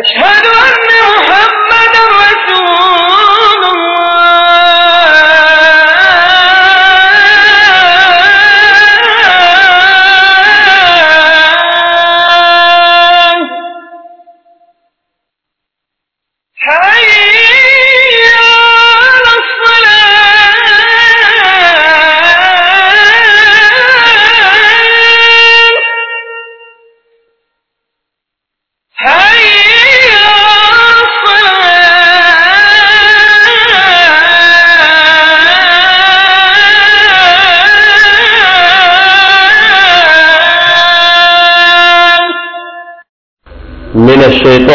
أشهد أن محمدا رسول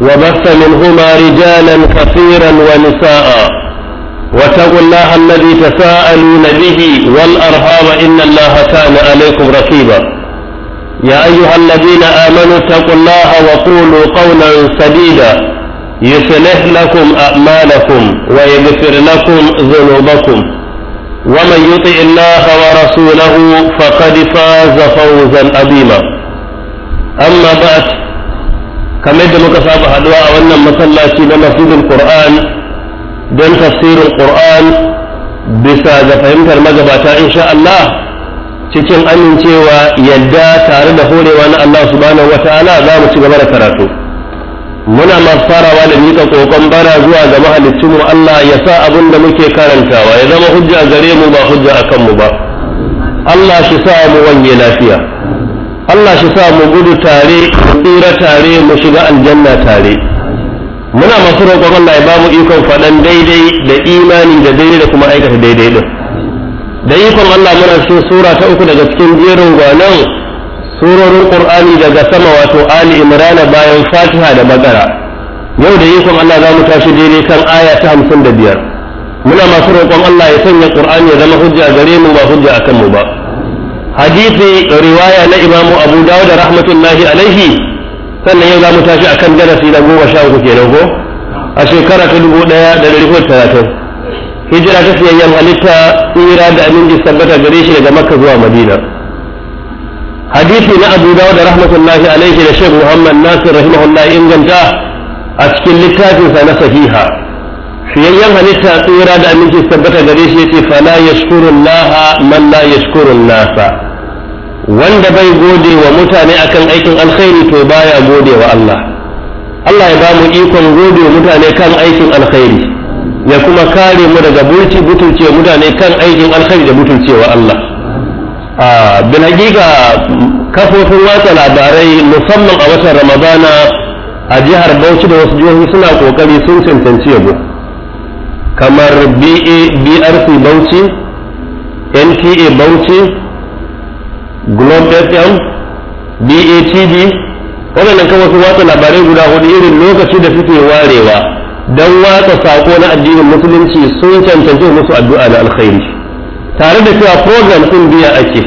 وبث منهما رجالا كثيرا ونساء واتقوا الله الذي تساءلون به والأرهاب إن الله كان عليكم رقيبا يا أيها الذين آمنوا اتقوا الله وقولوا قولا سديدا يصلح لكم أعمالكم ويغفر لكم ذنوبكم ومن يطع الله ورسوله فقد فاز فوزا عظيما أما بعد kamar da muka saba haduwa a wannan masallaci na masjidin qur'an don tafsirin qur'an bisa ga fahimtar magabata insha Allah cikin amincewa yadda tare da horewa na Allah subhanahu wataala za mu ci gaba da karatu muna masu farawa da mika kokon bara zuwa ga mahalicci mu Allah ya sa abin da muke karantawa ya zama hujja gare mu ba hujja akan mu ba Allah shi sa mu wanye lafiya Allah shi sa mu gudu tare mu tsira tare mu shiga aljanna tare muna masu roƙon Allah ya ba mu ikon faɗan daidai da imani da daidai da kuma aikata daidai din da ikon Allah muna cikin sura ta uku daga cikin jerin gwanon surorin Qur'ani daga sama wato Ali Imran bayan Fatiha da Bakara yau da ikon Allah za mu tashi daidai kan aya ta hamsin da biyar muna masu roƙon Allah ya sanya Qur'ani ya zama hujja gare mu ba hujja a kan mu ba hadisi riwaya na imamu abu dawud rahmatullahi alaihi sannan yau za mu tashi akan darasi na goma sha uku kenan ko a shekara ta dubu daya da ɗari hudu talatin hijira ta siyayyen halitta tsira da aminci sabbata gare shi daga makka zuwa madina hadisi na abu dawud rahmatullahi alaihi da shek muhammad nasir rahimahullah inganta a cikin littafinsa na sahiha fiyayyen halitta tsira da aminci tabbata gare shi yace fala yashkurun laha man la yashkurun nasa wanda bai gode wa mutane akan aikin alkhairi to baya gode wa Allah Allah ya ba mu ikon gode wa mutane kan aikin alkhairi ya kuma kare mu daga burci butulce mutane kan aikin alkhairi da wa Allah a bin hakika kafofin watsa labarai musamman a watan ramadana a jihar bauchi da wasu jihohi suna kokari sun cancanci yabo kamar brc bauchi nta bauchi globe fm batv waɗannan kan wasu watsa labarai guda hudu irin lokaci da suke warewa don watsa sako na addinin musulunci sun cancanci musu addu'a na alkhairi tare da cewa program sun biya ake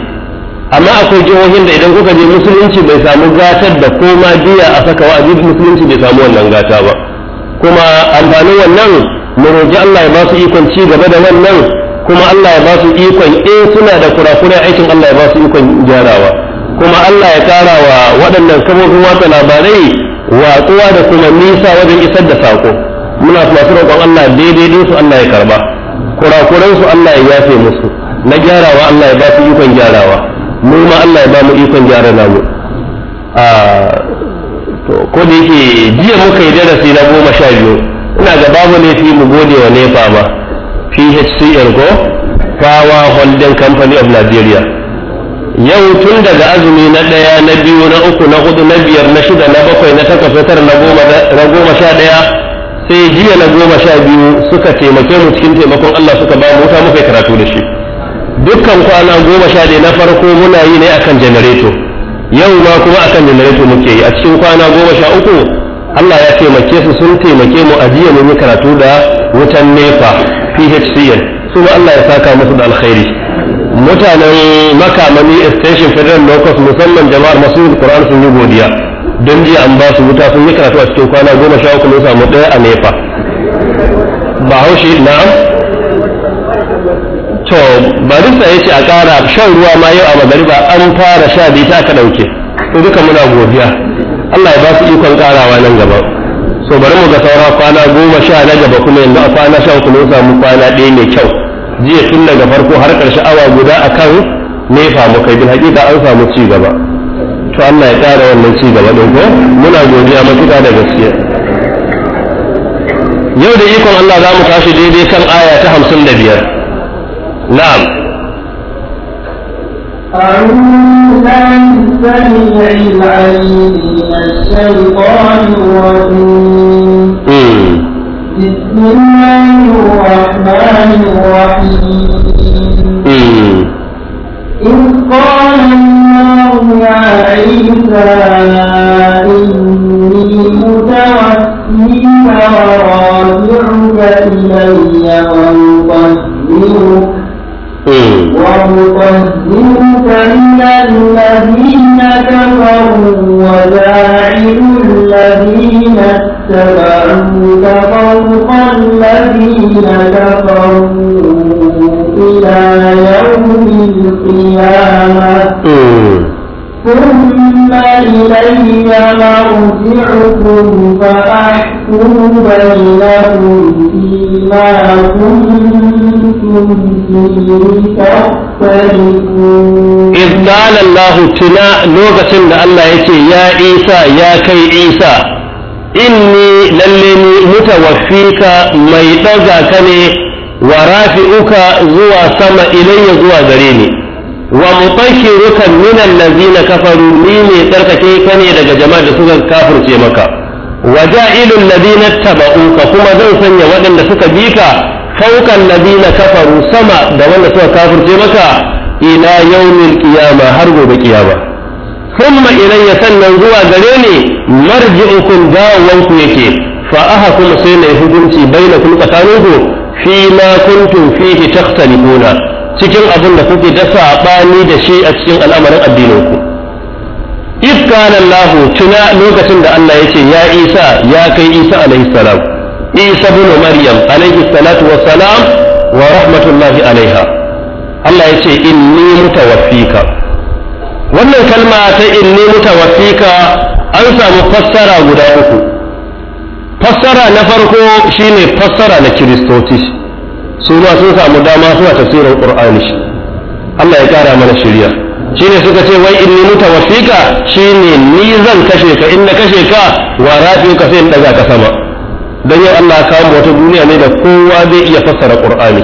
amma akwai jihohin da idan kuka je musulunci bai samu gatar da koma biya a saka wa'azi musulunci bai samu wannan gata ba kuma amfanin wannan mu roƙi Allah ya ba su ikon ci gaba da wannan kuma Allah ya ba su ikon in eh, suna da kurakura aikin Allah ya ba su ikon gyarawa kuma Allah ya ƙara wa waɗannan kafofin watsa labarai watsuwa da kuma nisa wajen isar da sako muna su roƙon Allah daidai su Allah ya karba kurakuran su Allah ya yafe musu na gyarawa Allah ya ba su ikon gyarawa mu ma Allah ya ba mu ikon gyara namu a ah, ko da yake jiya muka yi darasi na goma sha biyu ina ga babu laifi mu gode wa nefa ba, phcl ko kawa holding company of nigeria yau tun daga azumi na ɗaya na biyu na uku na hudu na biyar na shida na bakwai na takwas na tara na goma sha ɗaya sai jiya na goma sha biyu suka taimake mu cikin taimakon allah suka ba mu wuta muka karatu da shi dukkan kwana goma sha ɗaya na farko muna yi ne akan janareto yau ma kuma akan janareto muke yi a cikin kwana goma sha uku Allah ya taimake su sun taimake mu ajiya mun yi karatu da wutan nefa PHCN su Allah ya saka musu da alkhairi mutanen makamani station federal locus musamman jama'ar masu Qur'an sun yi godiya don jiya an ba su wuta sun yi karatu a cikin kwana goma sha uku mun samu ɗaya a nefa ba haushi na'am to ba duk ya ce a ƙara shan ruwa ma yau a magariba an fara sha biyu ta ɗauke to duka muna godiya Allah ya ba su ikon karawa nan gaba so bari mu ga saura kwana goma sha na gaba kuma yanzu a kwana sha uku mun samu kwana ɗaya mai kyau jiya tun daga farko har ƙarshe awa guda a kan nefa mu kai bil haƙiƙa an samu ci gaba to Allah ya ƙara wannan ci gaba ɗin ko muna godiya matuƙa da gaskiya yau da ikon Allah za mu tashi daidai kan aya ta hamsin da biyar na'am أعوذ السميع العليم من الشيطان الرجيم بسم الله الرحمن الرحيم إذ قال الله يا عيسى إني متوفيك وراجعك إلي ومطهرك ويطهرك من الذين كفروا وجاعل الذين اتبعوك فوق الذين كفروا إلى يوم القيامة hmm. ثم إلي مرجعكم فأحكم بينكم فيما كنتم إذ قال الله تنا لوكة الله يتي يا عيسى يا كي عيسى إني للني متوفيك ميتزا كني ورافئك زوى سما إلي زوى دريني ومطهرك من الذين كفروا مني تركتي كني لك جماعة سوى كافر في مكة وجائل الذين اتبعوك كما ذو سنة ودن سكبيك faukan ladina kafaru sama da wanda suka kafirce maka ila yawmil qiyama har gobe kiyama thumma ilayya sannan zuwa gare ni marji'ukum dawanku yake fa kuma sai na hukunci bainakum tsakaninku fi ma kuntum fihi takhtalifuna cikin abin da kuke da sabani da shi a cikin al'amarin addininku if kana Allah tuna lokacin da Allah yace ya Isa ya kai Isa alaihi isa bin maryam alaihi salatu salam wa rahmatullahi alaiha Allah ya ce inni mutawaffika wannan kalma ta inni mutawaffika an samu fassara guda uku fassara na farko shine fassara na kiristoci su ma sun samu dama suna tafsirin qur'ani Allah ya kara mana shirya shine suka ce wai inni mutawaffika shine ni zan kashe ka in na kashe ka wa rafi ka sai in daga ka sama dan yau Allah ya kawo wata duniya ne da kowa zai iya fassara Qur'ani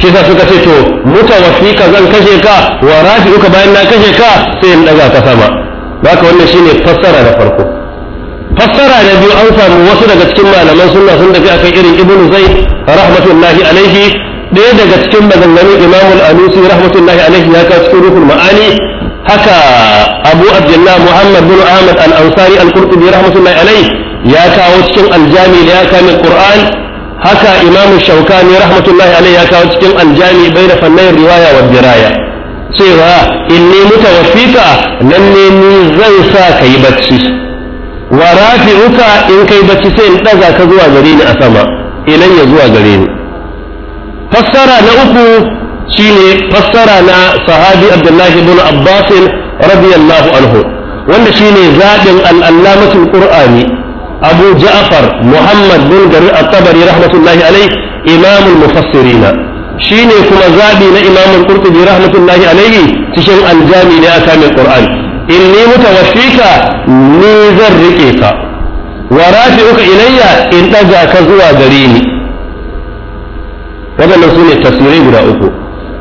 shi sa suka ce to mutawaffika zan kashe ka wa rafi'uka bayan na kashe ka sai in daga ka sama haka wannan shine fassara da farko fassara da biyu an samu wasu daga cikin malaman sunna sun tafi akan irin ibnu zaid rahmatullahi alaihi ɗaya daga cikin maganganun imamu al-anusi rahmatullahi alaihi ya kawo cikin ruhul ma'ani haka abu abdullah muhammad bin ahmad al-ansari al-qurtubi rahmatullahi alaihi ya kawo cikin aljami da ya kamin qur'an haka Shauka ne, rahmatullahi alaihi ya kawo cikin aljami bai da fannin riwaya wa diraya cewa inni mutawaffika nan ne ni zan sa ka yi bacci wa rafi'uka in kai bacci sai in daga ka zuwa gare ni a sama ilan ya zuwa gare ni fassara na uku shine fassara na sahabi abdullahi ibn abbas radiyallahu anhu wanda shine zaɓin al'allamatul qur'ani abu ja'far muhammad bin garir at-tabari rahmatullahi alaihi imamul mufassirina shine kuma zaɓi na Imam Qurtubi rahmatullahi alaihi cikin aljami ne aka mai Qur'an inni mutawaffika ni zan rike ka wa rafi'uka ilayya in daga ka zuwa gare ni wadannan sune tafsirai guda uku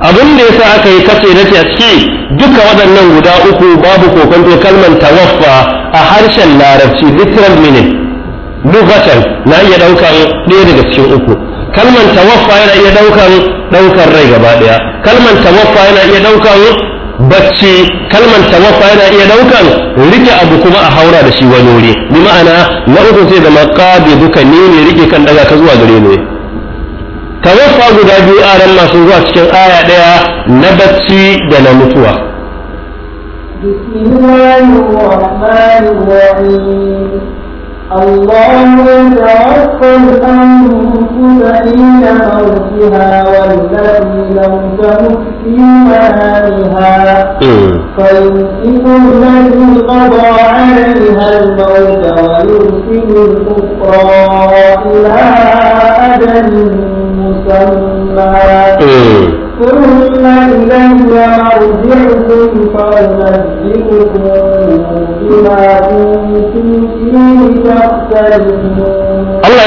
abin da yasa aka yi kace nace a ciki duka waɗannan guda uku babu kokonto kalmar tawaffa a harshen larabci literal meaning lughatan na iya daukan ɗaya daga cikin uku kalman tawaffa yana iya daukan daukan rai gaba daya kalman tawaffa yana iya daukan bacci kalman tawaffa yana iya daukan rike abu kuma a haura da shi wani wuri bi ma'ana na uku sai zama duka ne ne rike kan daga ka zuwa gare ne tawaffa guda biyu aran masu zuwa cikin aya daya na bacci da na mutuwa بسم الله الرحمن الرحيم الله يتوفى الأنفس حين موتها والتي لم تمت في منامها فيمسك الذي قضى عليها الموت ويرسل الأخرى إلى أجل مسمى ثم Allah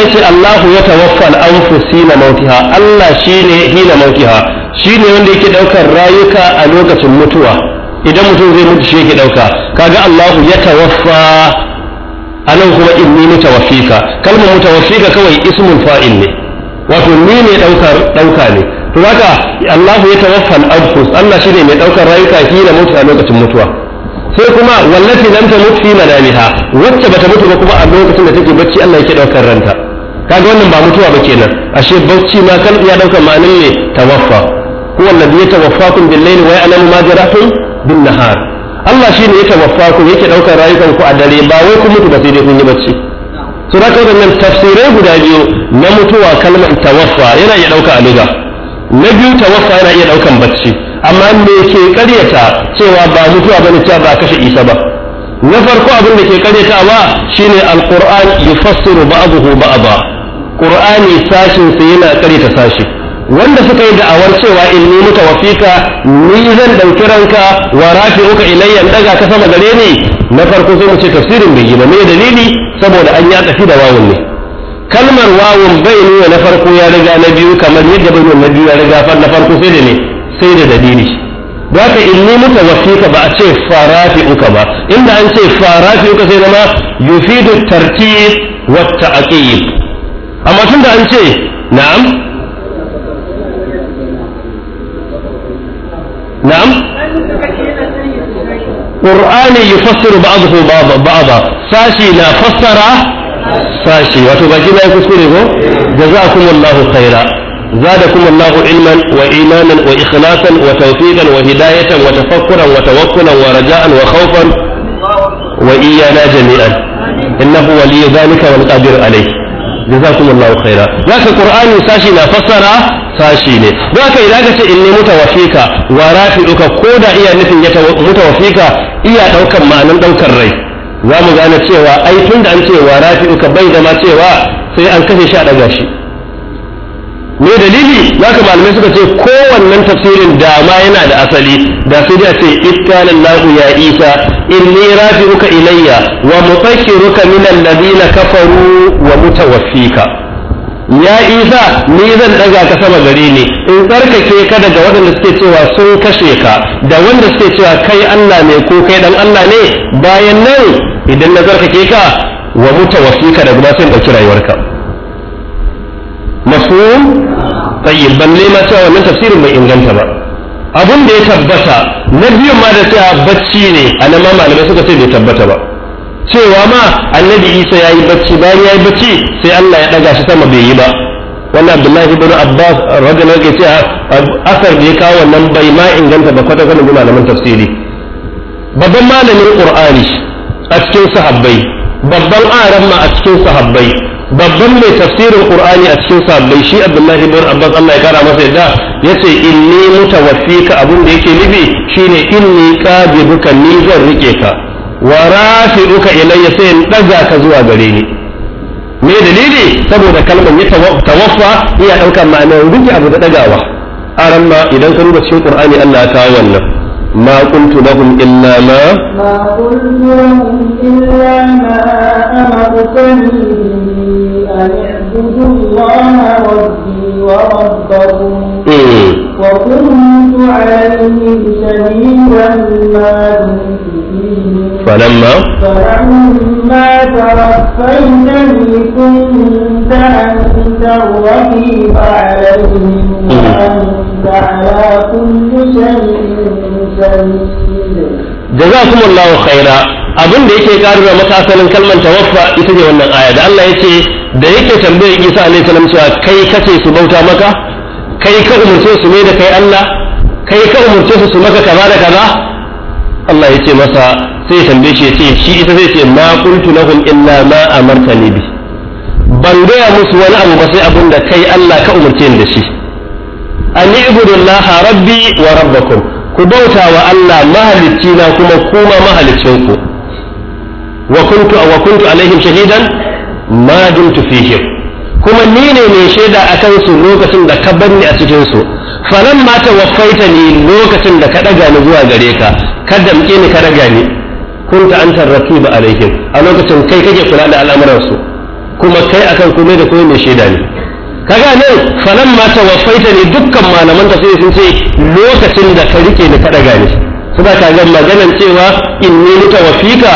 ya ce Allahu ya tawaffa al-anfusi na mautiha Allah shine hina mautiha shine wanda yake daukar rayuka a lokacin mutuwa idan mutum zai mutu shi yake dauka kaga Allahu ya tawaffa anan kuma inni mutawaffika kalmar mutawaffika kawai ismul fa'il ne wato ni ne daukar dauka ne to haka Allahu ya tawaffa al-anfus Allah shine mai daukar rayuka da mutu a lokacin mutuwa sai kuma wallati lam tamut fi manamiha wacce bata mutu ba kuma a lokacin da take bacci Allah yake daukar ranta kaga wannan ba mutuwa ba kenan ashe bacci ma kan iya daukar ma'anin ne tawaffa ko wallazi ya tawaffakum bil-layli wa ya'lamu ma jarahtum bin-nahar Allah shine ya tawaffakum yake daukar rayukan ku a dare ba wai ku mutu ba sai dai kun yi bacci sura ta wannan tafsirai guda biyu na mutuwa kalmar tawaffa yana iya dauka a lugha na biyu tawassa yana iya daukan bacci amma me ke karyata cewa ba mutuwa bane cewa ba kashe isa ba na farko abin da ke karyatawa shine alquran yufassiru ba'dahu ba'da qur'ani sashin sa yana karyata sashi wanda suka yi da'awar cewa inni mutawaffika ni zan dauki ranka wa rafi'uka ilayya daga ka sama gare ni na farko sai mu ce tafsirin bai yi ba me dalili saboda an yi da wawun ne kalmar wawun bainu na farko ya riga na biyu kamar yadda bainu na biyu ya riga na farko sai da ne sai da dalili da ka inni muka wasika ba a ce farafi uka ba inda an ce farafi uka sai zama yufidu tartib wa ta'qib amma tun da an ce na'am na'am qur'ani yufassiru ba'dahu ba'dahu sashi na fassara sashi wato baki bayan kuskure ko jazakum Allahu khaira zadakum Allahu ilman wa imanan wa ikhlasan wa tawfiqan wa hidayatan wa tafakkuran wa tawakkulan wa raja'an wa khawfan wa iyyana jami'an innahu wali dhalika wal qadir alayh jazakum Allahu khaira zaka qur'ani sashi na fassara sashi ne zaka idan ka ce inni mutawaffika wa rafi'uka koda iya nufin ya mutawaffika iya daukar ma'anan daukar rai za mu gane cewa ai tun da an ce wa rafi ka bai zama cewa sai an kashe shi a daga shi me dalili ka malamai suka ce kowannen tafsirin da ma yana da asali da sai dai a ce iskanin lahu ya isa in rafi uka ilayya wa na min alladhina kafaru wa mutawaffika ya isa ni zan ɗaga ka sama gare ni in tsarkake ka daga waɗanda suke cewa sun kashe ka da wanda suke cewa kai Allah ne ko kai ɗan Allah ne bayan nan idan na zarkake ka wa mutu da guda sai in ɗauki rayuwarka mafhum Ban balle ma cewa wannan tafsirin bai inganta ba abin da ya tabbata na biyun ma da cewa bacci ne a nan ma malamai suka ce bai tabbata ba cewa ma annabi isa ya yi bacci bayan ya yi bacci sai allah ya ɗaga shi sama bai yi ba wannan abdullahi ibn abbas radiyallahu anhu ce asar da ya kawo wannan bai ma inganta ba kwata kwata malaman tafsiri babban malamin qur'ani a cikin sahabbai babban aran ma a cikin sahabbai babban mai tafsirin qur'ani a cikin sahabbai shi abdullahi ibn abbas Allah ya kara masa yadda yace inni mutawaffika abun da yake nufi shine inni qabiduka ni zan rike ka wa rafi'uka ilayya sai in daga ka zuwa gare ni me dalili saboda kalmar ya tawaffa iya daukar ma'anar rike abu da dagawa aran ma idan ka duba cikin qur'ani Allah ya kawo wannan ما قلت لهم إلا ما ما قلت لهم إلا ما أمرتني أن اعبدوا الله ربي وربكم وكنت عليهم شهيدا ما دمت فلما فلما توفيتني كنت أنت الرقيب عليهم jazakumullahu khaira abin da yake karuwa maka asalin kalmar tawaffa ita ne wannan aya da Allah yake da yake tambayar Isa alaihi salam cewa kai kace su bauta maka kai ka umurce su ne da kai Allah kai ka umurce su su maka kaza da kaza Allah yake masa sai tambaye shi yace shi ita zai ce ma qultu lahum illa ma amartani bi ban gaya musu wani abu ba sai abin da kai Allah ka umurce ni da shi an ibudullaha rabbi wa rabbakum ku bauta wa Allah mahalicci na kuma kuma mahalicin ku wa kuntu wa kuntu alaihim shahidan ma dumtu fihim kuma ni ne mai shaida a kansu lokacin da ka bar ni a cikin su falan ma waffaita ni lokacin da ka daga ni zuwa gare ka ka damke ni ka daga ni kunta antar rakiba alaihim a lokacin kai kake kula da al'amuransu, kuma kai akan kuma da kuma mai shaida ne kaga ne falan ma tawaffaita ne dukkan malaman sai sun ce lokacin da ka rike ni kada gane suna kaga maganar cewa in inni mutawaffika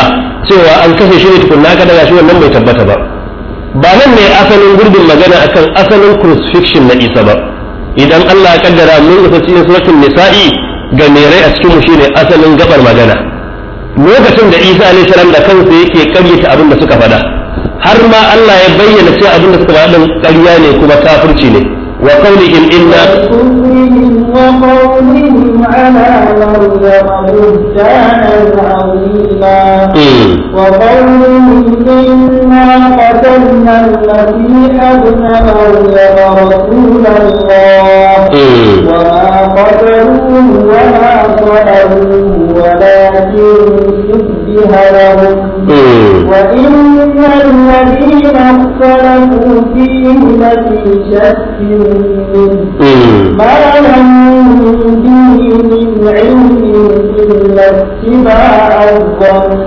cewa an kashe shi ne tukunna ka daga shi wannan bai tabbata ba ba nan ne asalin gurbin magana akan asalin crucifixion na Isa ba idan Allah ya kaddara mun isa cikin suratul nisa'i ga merai a cikin mu shine asalin gabar magana lokacin da Isa alaihi salam da kansa yake karyata abin da suka faɗa har ma Allah ya bayyana cewa abin da suka faɗa ƙarya ne kuma kafirci ne wa qawlihim inna وقولهم الذين اختلفوا فيه لفي شك ما لهم به من علم إلا اتباع الظن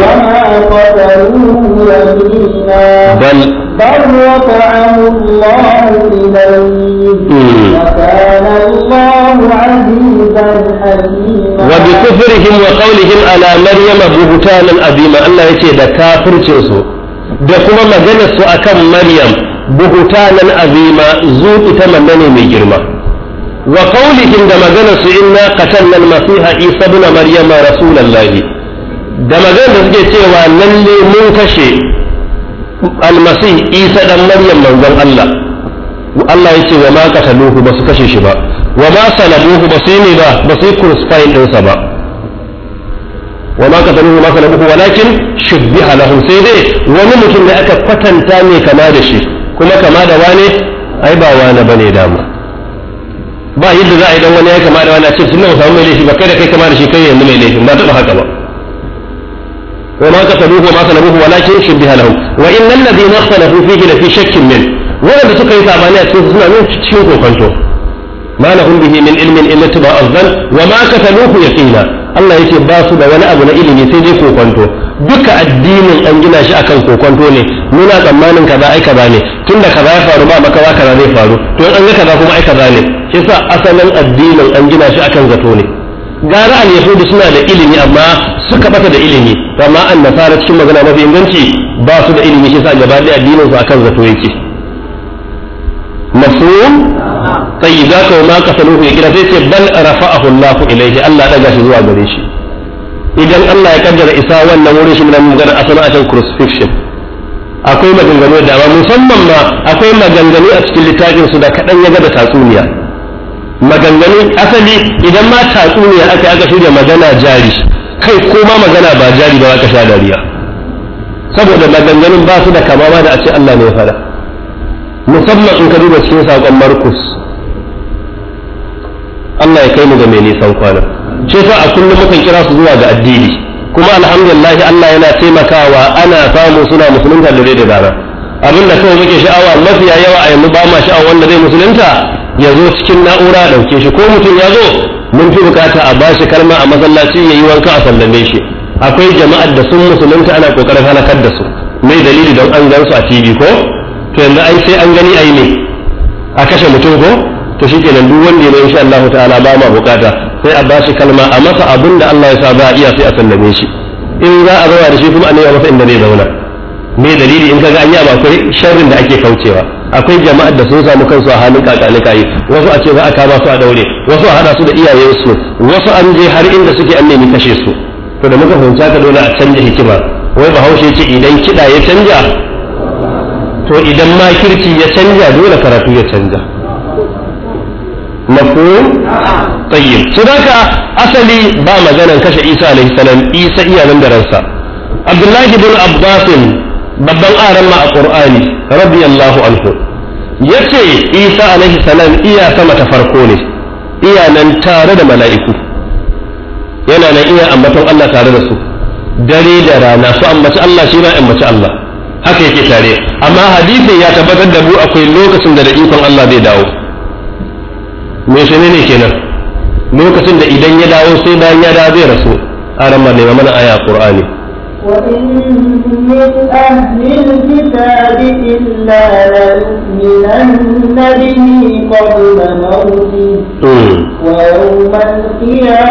وما قتلوه يمينا بل بل وطعم الله إليه وكان الله عزيزا حكيما وبكفرهم وقولهم على مريم بهتانا عظيما الله يتي ده كافر تنسو ده كما مجلس أكم مريم بهتانا عظيما زوت تمنني من جرمه وقولهم ده مجلس إنا قتلنا المسيح عيسى بن مريم رسول الله ده مجلس جيتي وللي منتشي almasih isa dan maryam manzon Allah Allah ya ce wa ma qataluhu ba su kashe shi ba wa ma salabuhu ba su ne ba ba su crucify ɗinsa ba wa ma qataluhu ma salabuhu walakin shubbiha lahum sai dai wani mutum da aka kwatanta ne kama da shi kuma kama da wane ai ba wane bane dama ba yadda za a yi dan wani ya kama da wani a ce sunan samu mai laifi ba kai da kai kama da shi kai yanzu mai laifin ba taɓa haka ba وما قتلوه وما سلبوه ولكن شبه لهم وإن الذين اختلفوا فيه لفي شك منه ولا تقيت أمانات سنة من شيء كنتم ما لهم به من علم إلا اتباع الظن وما قتلوه يقينا الله يتي باسو da wani abu na ilimi sai dai kokanto duka addinin an gina shi akan kokonto ne nuna tsammanin kaza ai kaza ne tunda kaza ya faru ba makawa kaza zai faru to an ga kaza kuma ai kaza ne yasa asalin addinin an gina shi akan zato ne gara al yahudu suna da ilimi amma suka bata da ilimi amma an nasara cikin magana mafi inganci ba su da ilimi shi sa gaba da addinin su akan zato yake mafhum tayyib ka ma kasaluhu ya kira sai ce bal rafa'ahu Allah ilayhi Allah daga shi zuwa gare shi idan Allah ya kaddara isa wannan wurin shi a magana a akan crucifixion akwai maganganu da dama musamman ma akwai maganganu a cikin littafin su da kadan ya ga da tatsuniya maganganun asali idan ma tatsuniya aka aka shirya magana jari kai ko ma magana ba jari ba aka sha dariya saboda maganganun ba su da kama ma da a ce Allah ne ya faɗa musamman in ka duba cikin saƙon Markus Allah ya kai mu ga mai nisan kwana ce fa a kullum mukan kira su zuwa ga addini kuma alhamdulillah Allah yana taimakawa ana samu suna musulunta da da rana abinda kawai muke sha'awa mafiya yawa a yanzu ba ma sha'awa wanda zai musulunta ya zo cikin na'ura ɗauke shi ko mutum ya zo mun fi bukata a bashi kalma a masallaci ya yi wanka a sallame shi akwai jama'ar da sun musulunta ana kokarin halakar da su mai dalili don an gan su a tv ko to yanzu ai sai an gani ai ne a kashe mutum ko to kenan duk wanda ya insha Allah ta'ala ba ma bukata sai a bashi kalma a masa abin da Allah ya sa ba iya sai a sallame shi in za a zauna da shi kuma a nema masa inda zai zauna me dalili in kaga an yi akwai sharrin da ake kaucewa akwai jama'ar da sun samu kansu a halin kakalikayi wasu a ce za a kama su a daure wasu a hada su da iyayensu wasu an je har inda suke an nemi kashe su to da muka fahimta ka dole a canja hikima wai bahaushe ce idan kiɗa ya canja to idan ma kirki ya canja dole karatu ya canja mafhum tayyib daga asali ba maganan kashe Isa alaihi salam Isa iya da ransa Abdullahi bin Abbasin babban aran ma a qur'ani radiyallahu anhu yace isa alaihi salam iya sama ta farko ne iya nan tare da mala'iku yana nan iya ambaton Allah tare da su dare da rana su ambaci Allah shi ma ambaci Allah haka yake tare amma hadisin ya tabbatar da mu akwai lokacin da da ikon Allah zai dawo me shi ne kenan lokacin da idan ya dawo sai bayan ya dawo zai rasu aran ma ne mana aya qur'ani وإن من أهل الكتاب إلا ليؤمنن به قبل موته ويوم القيامة يكون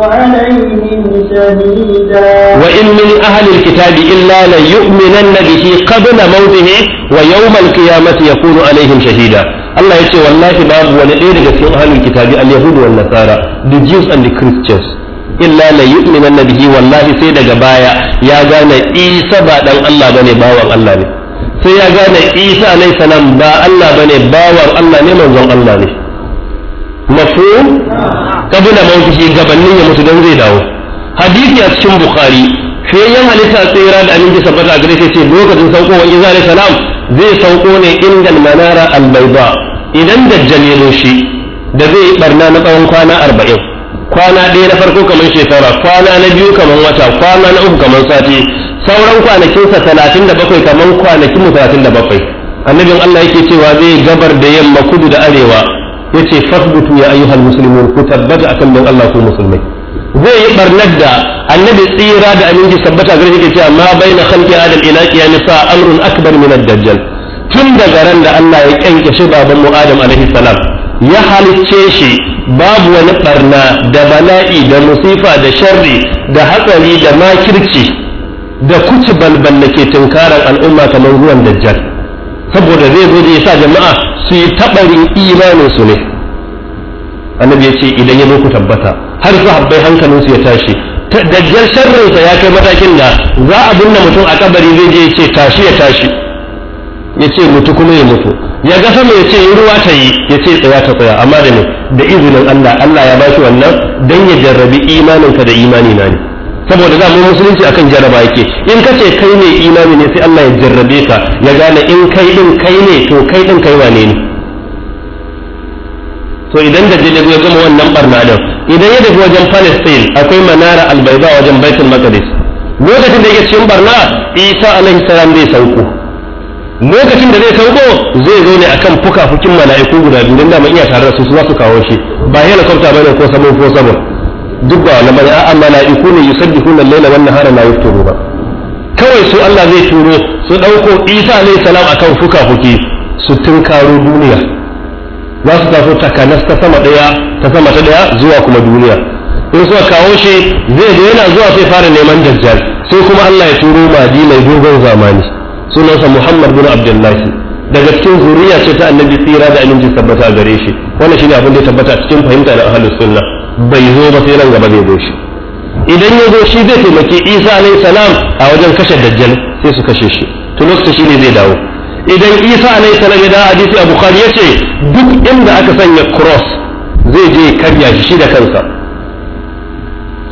عليهم شهيدا وإن من أهل الكتاب إلا ليؤمنن به قبل موته ويوم القيامة يكون عليهم شهيدا Allah ya ce wallahi babu wani ɗaya daga cikin ahlul kitabi al-yahudu wan nasara the Jews and the Christians illa la na bihi wallahi sai daga baya ya gane Isa ba dan Allah bane bawan Allah ne sai ya gane Isa alayhi salam ba Allah bane bawan Allah ne manzon Allah ne mafhum kabila mawkishi gabanin ya mutu dan zai dawo hadisi a cikin bukhari fiyayyen halitta tsira da aminci sabbata a gare ce lokacin saukowar Isa alayhi salam zai sauko ne inda manara al-bayda idan dajjal ya zo shi da zai barna na tsawon kwana arba'in kwana ɗaya na farko kamar shekara kwana na biyu kamar wata kwana na uku kamar sati sauran kwanakinsa talatin da bakwai kamar kwanakin mu talatin da bakwai annabin Allah yake cewa zai gabar da yamma kudu da arewa Ya ce fasbutu ya ayyuhal musulmin ku tabbata akan bin Allah ku musulmai zai yi barnar da annabi tsira da aminci sabbata gare yake cewa ma bai na khalqi adam ila qiyami sa amrun akbar min ad-dajjal tun daga ran da Allah ya kyanke shi baban mu Adam alaihi salam ya halicce shi babu wani barna da bala'i da musifa da sharri da hatsari da makirci da kuci balbal da ke tunkarar al'umma kamar ruwan dajjal saboda zai zo ya sa jama'a su yi taɓarin imanin su ne annabi ya ce idan ya zo ku tabbata har su habbai su ya tashi dajjal sharrinsa ya kai matakin da za a binne mutum a kabari zai je ya ce tashi ya tashi ya ce mutu kuma ya mutu ya ga sama ya ce ruwa ta yi ya ce tsaya ta tsaya amma da ne da izinin Allah Allah ya ba shi wannan dan ya jarrabi imaninka da imani na ne saboda za mu musulunci akan jarraba yake in ka ce kai ne imani ne sai Allah ya jarrabe ka ya gane in kai din kai ne to kai din kai wane ne to idan da jirgin ya gama wannan barna din idan ya dafi wajen Palestine akwai manara albaiza wajen Baitul Maqdis lokacin da yake cikin barna Isa alaihi salam zai sauko lokacin da zai sauko zai zo ne akan fukafukin mala'iku guda biyu don dama iya tare da su za su kawo shi ba helicopter bane ko sabon ko sabon duk ba wani bane a'a mala'iku ne yusabbihuna al-laila wan nahara la yafturu ba kawai su Allah zai turo su dauko Isa alayhi salam akan fukafuki su tunkaro duniya za su tafi takanas ta sama daya ta sama ta daya zuwa kuma duniya in suka kawo shi zai zo yana zuwa sai fara neman dajjal sai kuma Allah ya turo madi mai dogon zamani sunansa muhammad bin abdullahi daga cikin zuriya ce ta annabi tsira da aminci tabbata a gare shi wannan shine abin da ya tabbata cikin fahimta da ahlus sunna bai zo ba sai nan gaba zai zo shi idan ya zo shi zai taimaki isa alayhi salam a wajen kashe dajjal sai su kashe shi to lokacin shi ne zai dawo idan isa alayhi salam ya da hadisi a bukhari yace duk inda aka sanya cross zai je karya shi da kansa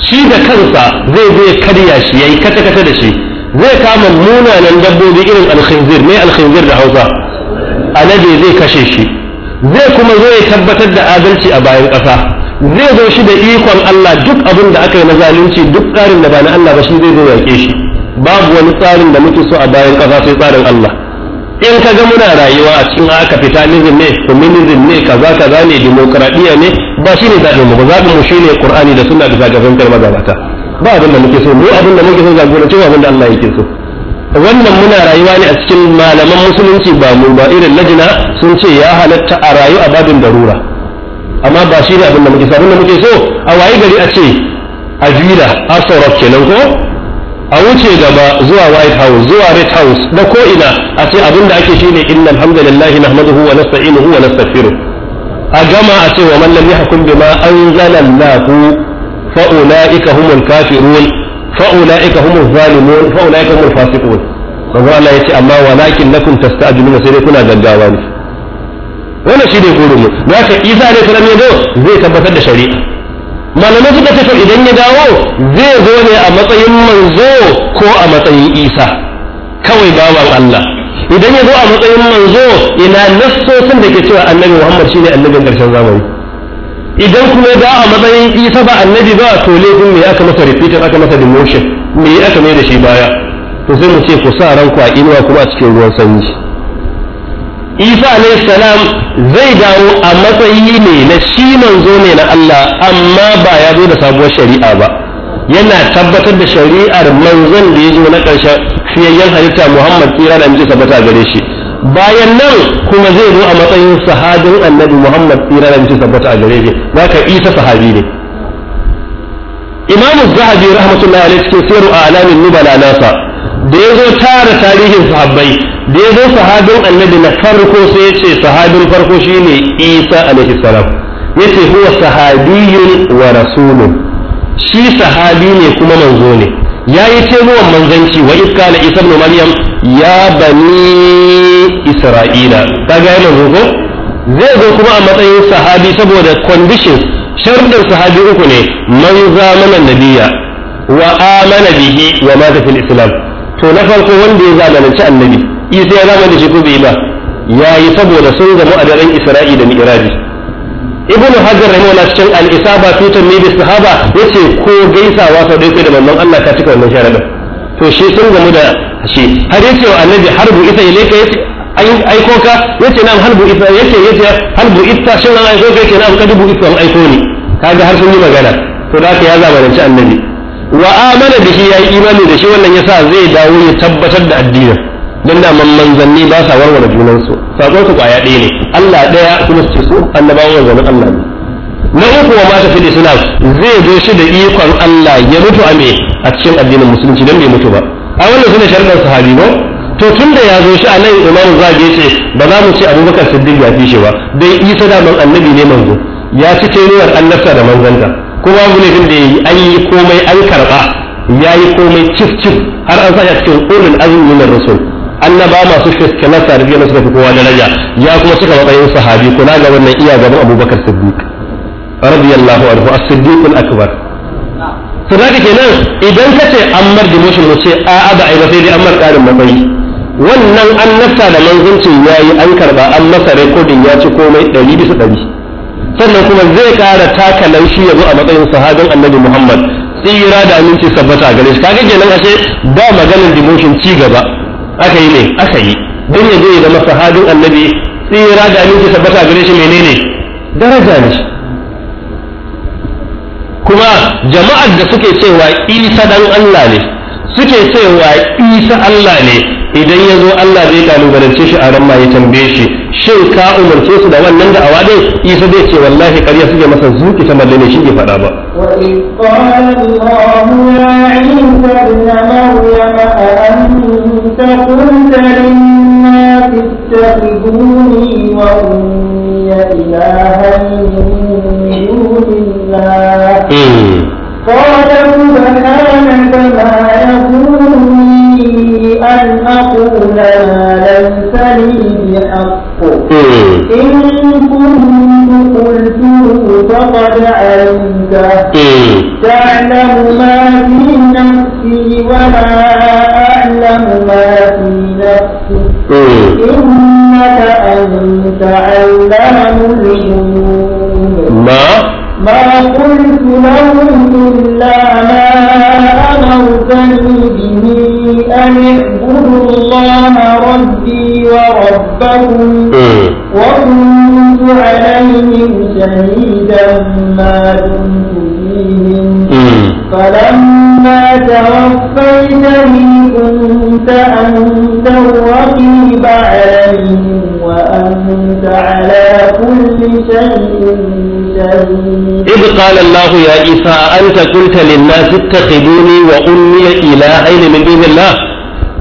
shi da kansa zai je karya shi yayi kata kata da shi zai kama munanan dabbobi irin alkhinzir mai alkhinzir da hausa alade zai kashe shi zai kuma zo ya tabbatar da adalci a bayan ƙasa zai zo shi da ikon Allah duk abin da aka yi na zalunci duk tsarin da ba na Allah ba shi zai zo yaƙe shi babu wani tsarin da muke so a bayan ƙasa sai tsarin Allah in ka ga muna rayuwa a cikin aka fitalism ne feminism ne kaza kaza ne demokradiya ne ba shine zaɓin mu ba zaɓin mu ne Ƙur'ani da suna da zagazan kalmar gabata ba abin da muke so mu abin da muke so jagoranci abin da Allah yake so wannan muna rayuwa ne a cikin malaman musulunci ba mu ba irin lajina sun ce ya halatta a rayu a babin darura amma ba shi ne abin da muke so abin da muke so a waye gari a ce a jira a saurar kenan ko a wuce gaba zuwa white house zuwa red house da ko ina a ce abin da ake ne innal alhamdulillahi nahmaduhu wa nasta'inuhu wa nastaghfiruh a gama a ce wa man lam yahkum bima anzala Allahu فأولئك هم الكافرون فأولئك هم الظالمون فأولئك هم الفاسقون manzo Allah ya ce amma walakin lakum tasta'jiluna sai dai kuna gaggawa ne wannan shi ne gurin mu za ka Isa ne salam ya zo zai tabbatar da shari'a malamai suka ce idan ya dawo zai zo ne a matsayin manzo ko a matsayin Isa kawai bawan Allah idan ya zo a matsayin manzo ina nassosin da ke cewa annabi Muhammad shine annabin karshen zamani idan kuma ba a matsayin isa ba annabi ba to laifin me aka masa repeated aka masa demotion me aka mai da shi baya to sai mu ce ku sa ranku a inuwa kuma a cikin ruwan sanyi isa alayhi salam zai dawo a matsayi ne na shi manzo ne na Allah amma ba ya zo da sabuwar shari'a ba yana tabbatar da shari'ar manzon da ya zo na ƙarshen fiyayyen halitta Muhammad tsira da amince tabbata gare shi bayan nan kuma zai zo a matsayin sahabin annabi muhammad tsira da mace tabbata a gare shi za ka isa sahabi ne imam zahabi rahmatullahi alaihi cikin siru a alamin nubala nasa da ya zo tara tarihin sahabbai da ya zo sahabin annabi na farko sai ya ce sahabin farko shine isa alaihi salam ya ce huwa sahabiyun wa rasulun shi sahabi ne kuma manzo ne ya yi tebuwan manzanci wa iska na isa ibn maryam ya bani isra'ila ka gane ko zai zo kuma a matsayin sahabi saboda conditions sharuɗin sahabi uku ne man zamana nabiya wa amana bihi wa mata fil islam to na farko wanda ya zamananci annabi isa ya da shi ko bai ba yayi saboda sun gamu a daren isra'ila da mi'raji ibnu hajar rahimahullah cikin al-isaba tutan ne bi sahaba yace ko gaisawa sau da da manzon Allah ka cika wannan sharadin to shi sun gamu da shi har yace wa annabi har bu isa ilayka yace aiko yace yace nan bu isa yace yace bu isa shin an aiko ka yace nan kadibu isa an aiko ni kaga har sun yi magana to da ya zamananci annabi wa amana bihi yayi imani da shi wannan yasa zai dawo ya tabbatar da addinin dan da man manzanni ba sa warware junansu sakon su kwaya ɗaya ne Allah ɗaya kuma su su annabawan zaman Allah ne na uku wa mata fide islam zai zo shi da ikon Allah ya mutu a me a cikin addinin musulunci dan bai mutu ba a wannan shine sharuɗan sahabi ba to tun da ya zo shi a nan imam zabi ce ba za mu ce abubakar siddiq ya fi shi ba dai isa da man annabi ne manzo ya ci tenuwar annabta da manzanta kuma abu ne da ya yi an yi komai an karɓa ya yi komai cif cif har an sa cikin ulul azumi na rasul annaba masu fiskalar sarfiya na suka fi kowa daraja ya kuma cika matsayin sahabi kula ga wannan iya gaban abubakar siddiq radiyallahu anhu as-siddiq al-akbar to zaka kenan idan ka ce an mar demotion mu ce a'a ba ai ba sai dai an mar karin matsayi wannan an nasa da manzancin yayi an karba an masa recording ya ci komai ɗari bisa ɗari sannan kuma zai kara taka laushi ya zo a matsayin sahabin annabi muhammad tsira da aminci sabbata gare shi kaga kenan ashe ba maganar demotion ci gaba aka yi ne aka yi don ya zo ya zama annabi tsira da aminci sabbata gare shi menene daraja ne kuma jama'ar da suke cewa isa dan Allah ne suke cewa isa Allah ne idan ya zo Allah zai kalubalance shi a ran ma ya tambaye shi shin ka umarce su da wannan da awa dai isa zai ce wallahi ƙarya suke masa zuki ta malle ne shi ke faɗa ba wa إن كنت قلته فقد علمته تعلم ما في نفسي ولا أعلم ما في نفسي إنك أنت علام الغيوب ما ما قلت لهم إلا ما أمرتني به أن اعبدوا الله ربي وربهم وكنت عليهم شهيدا ما دمت فيهم فلما توفيتني كنت أنت الرقيب عليهم وأنت على كل شيء إذ قال الله يا عيسى أنت كنت للناس اتخذوني وأمي إلهين من دون الله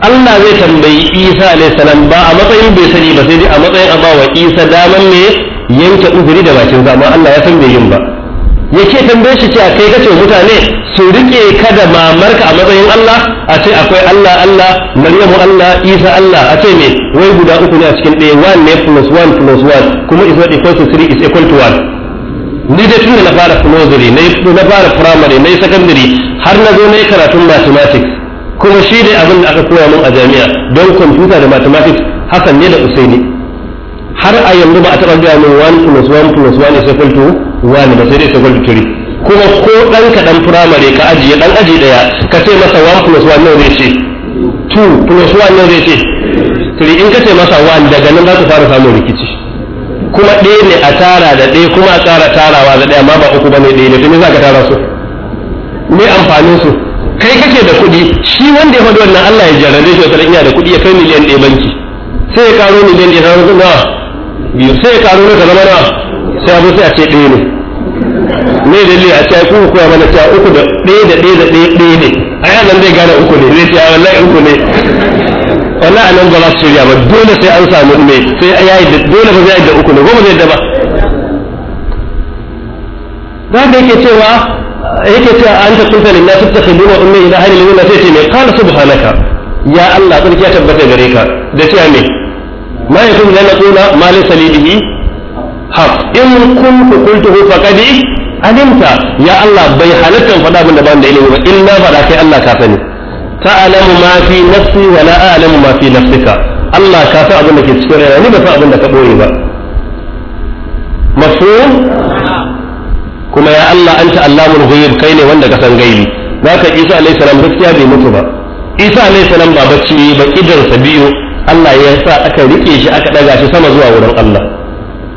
Allah zai tambayi Isa alaihi salam ba a matsayin bai sani ba sai dai a matsayin a bawa Isa daman ne yanke uzuri da bakin sa amma Allah ya san bai yin ba yake tambaye shi cewa kai kace mutane su rike ka da mamarka a matsayin Allah a ce akwai Allah Allah Maryamu Allah Isa Allah a ce me wai guda uku ne a cikin ɗaya one ne plus one plus one kuma is not equal to three is equal to one ni dai tun da na fara primary na fara primary na secondary har na zo na yi karatun mathematics kuma shi ne abin da aka koya mun a jami'a don computer da mathematics hasan ne da usaini har a yanzu ba a taɓa gaya min one plus one plus one is equal to one ba sai dai is equal to three kuma ko ɗan ka ɗan firamare ka ajiye ɗan aji ɗaya ka ce masa one plus one nawa zai ce two plus one nawa zai ce three in ka ce masa one daga nan za ku fara samun rikici kuma ɗaya ne a tara da ɗaya kuma a tsara tarawa da ɗaya amma ba uku ba ne ɗaya ne tuni za ka tara su ne amfanin su kai kake da kuɗi shi wanda ya faɗi wannan Allah ya jarrabe shi wata ina da kuɗi ya kai miliyan ɗaya banki sai ya karo miliyan ɗaya zama na biyu sai ya karo na zama na sai abu sai a ce ɗaya ne me liya a ce ku ya mana ta uku da ɗaya da ɗaya da ɗaya ɗaya ne a yi nan zai gane uku ne zai ce a wallahi uku ne wallahi a nan ba za su shirya ba dole sai an samu ne sai a yayi da dole ba zai yi da uku ne goma zai da ba. Za da yake cewa yake cewa an ta kunta lillahi tattakhidun wa ummi ila ahli lillahi sai ce qala subhanaka ya Allah sarki ya tabbata gare ka da cewa me ma yakun lana qula ma laysa li bihi haq in kuntu qultuhu faqad alimta ya Allah bai halatta faɗa abin da ban da ilimi ba in na faɗa kai Allah ka sani ta'lamu ma fi nafsi wa la a'lamu ma fi nafsika Allah ka san abin da ke cikin rayuwa ni ba san abin da ka boye ba mafhum kuma ya Allah anta allamul ghuyub kai ne wanda ka san gaibi zaka Isa alaihi salam gaskiya bai mutu ba Isa alaihi salam ba bacci ba sa biyu Allah ya sa aka rike shi aka daga shi sama zuwa wurin Allah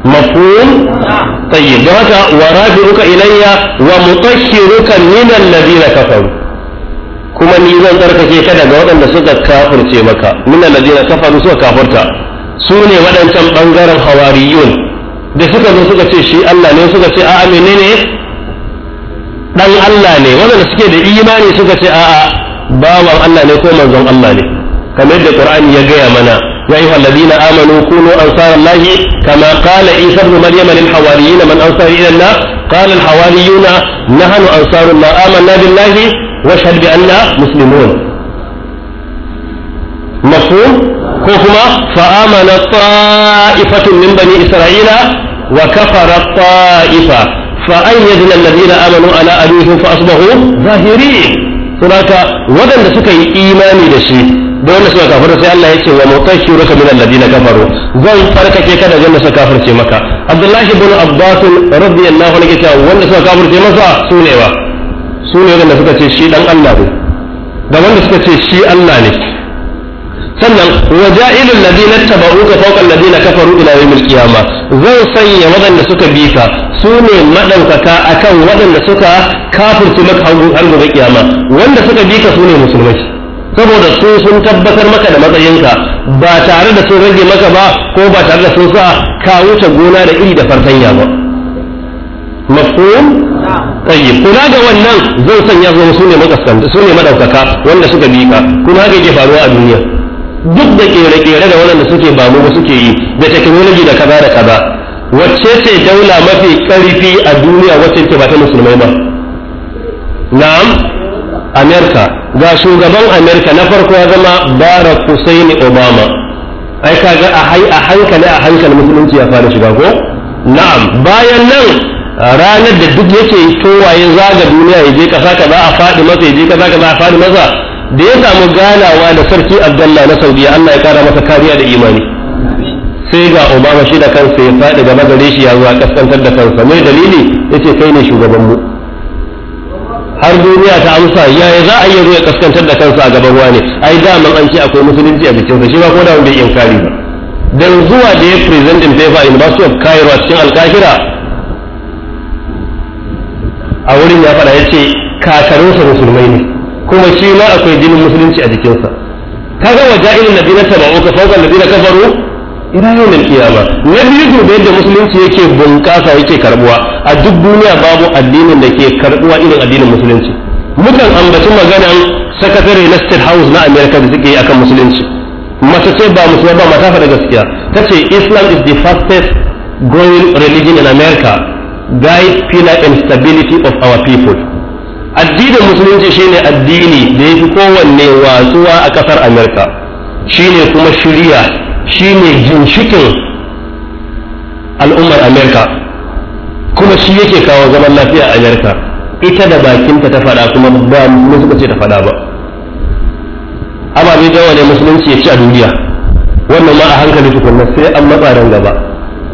mafhum tayyib Da haka wa rafi'uka ilayya wa mutahhiruka min alladhina kafaru kuma ni zan tsarkake ka daga waɗanda suka kafirce maka min alladhina kafaru suka kafirta su ne waɗancan ɓangaren hawariyun da suka zo suka ce shi Allah ne suka ce a'a menene dan Allah ne wanda suke da imani suka ce a'a bawan Allah ne ko manzon Allah ne kamar da Qur'ani ya gaya mana ya ayyuhal ladina amanu kunu ansarallahi kama qala Isa ibn Maryam lil hawariyin man ansar ila Allah qala al hawariyuna nahnu ansarullah amanna billahi واشهد بأننا مسلمون mafhum ko kuma fa'amana ta'ifatun min bani isra'ila wa kafara ta'ifa fa ayyadna alladhina amanu ala abihim fa asbahu zahirin sunaka wadanda suka yi imani da shi da wanda suka kafir sai Allah ya ce wa mutashiruka min alladhina kafaru zan farkake ka da wanda suka kafirce maka Abdullahi ibn Abbas radiyallahu anhu ya wanda suka kafirce masa sunewa sune wanda suka ce shi dan da wanda suka ce shi ne sannan wa ja'ilul ladina tabauka fawqa na kafaru ila yawmil qiyama zan sanya waɗanda suka bi ka su ne madaukaka akan waɗanda suka kafirci maka har gobe kiyama wanda suka bi ka su ne musulmai saboda su sun tabbatar maka da matsayinka ba tare da sun rage maka ba ko ba tare da sun sa ka wuce gona da iri da fartanya ba mafhum tayyib kuna ga wannan zan sanya zuwa su ne madaukaka wanda suka bi ka kuna haka ke faruwa a duniya duk da kere-kere da waɗanda suke ba mu suke yi da technology da kaza da kaza wacce ce daula mafi ƙarfi a duniya wacce ke ba ta musulmai ba na'am amerika ga shugaban amerika na farko ya zama barack hussein obama ai kaga a a hankali a hankali musulunci ya fara shiga ko na'am bayan nan ranar da duk yake towaye zaga duniya ya je kasa kaza a faɗi masa ya je kasa kaza a faɗi masa da ya samu ganawa da sarki abdallah na saudiya allah ya kara masa kariya da imani sai ga obama shi da kansa ya faɗi gaba gare shi ya zuwa kaskantar da kansa mai dalili ya ce kai ne shugabanmu har duniya ta amsa yaya za a yi ruwa kaskantar da kansa a gaban wani ai daman an ce akwai musulunci a bikinsa shi ba ko da wanda ya inkari ba dan zuwa da ya presenting paper a university of cairo a cikin alkahira a wurin ya faɗa ya ce kakarinsa musulmai ne kuma shi ma akwai jinin musulunci a jikinsa ka ga wa ja'ilul ladina tabu ka fawqa ladina kafaru ila yawmil qiyama na biyu yadda musulunci yake bunƙasa yake karbuwa a duk duniya babu addinin da ke karbuwa irin addinin musulunci mukan ambaci maganan sakatare na state house na america da suke yi akan musulunci mace ce ba musulma ba mata da gaskiya ta ce islam is the fastest growing religion in america guide pillar and stability of our people addinin musulunci shine addini da yafi kowanne watsuwa a kasar amerika shine kuma shirya shine ginshikin al'ummar amerika kuma shi yake kawo zaman lafiya a amerika ita da bakinta ta faɗa kuma ba mu suka ce ta faɗa ba ababe dawa ne musulunci ya ci a duniya wannan ma a hankali tukunna sai an matsa gaba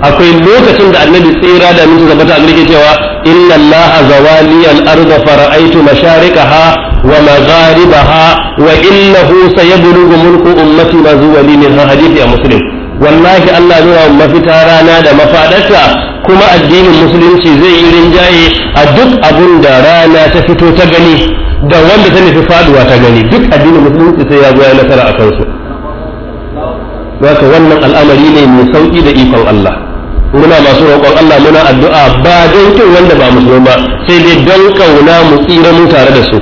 akwai lokacin da annabi tsira da mun gaba ta cewa إن الله زوالي الأرض فرأيت مشارقها ومغاربها وإنه سيبلغ ملك أمتي ما زوالي منها حديث يا مسلم والله الله نرى أمتي تارانا لما فعلتها kuma addinin musulunci zai yi rinjaye a duk abunda rana ta fito ta gani da wanda ta nufi faduwa ta gani duk addinin musulunci sai ya zo nasara a kansu haka wannan al'amari ne mai sauƙi da ikon Allah muna masu roƙon Allah muna addu'a ba don kin wanda ba musulmi ba sai dai don kauna mu tsira mu tare da su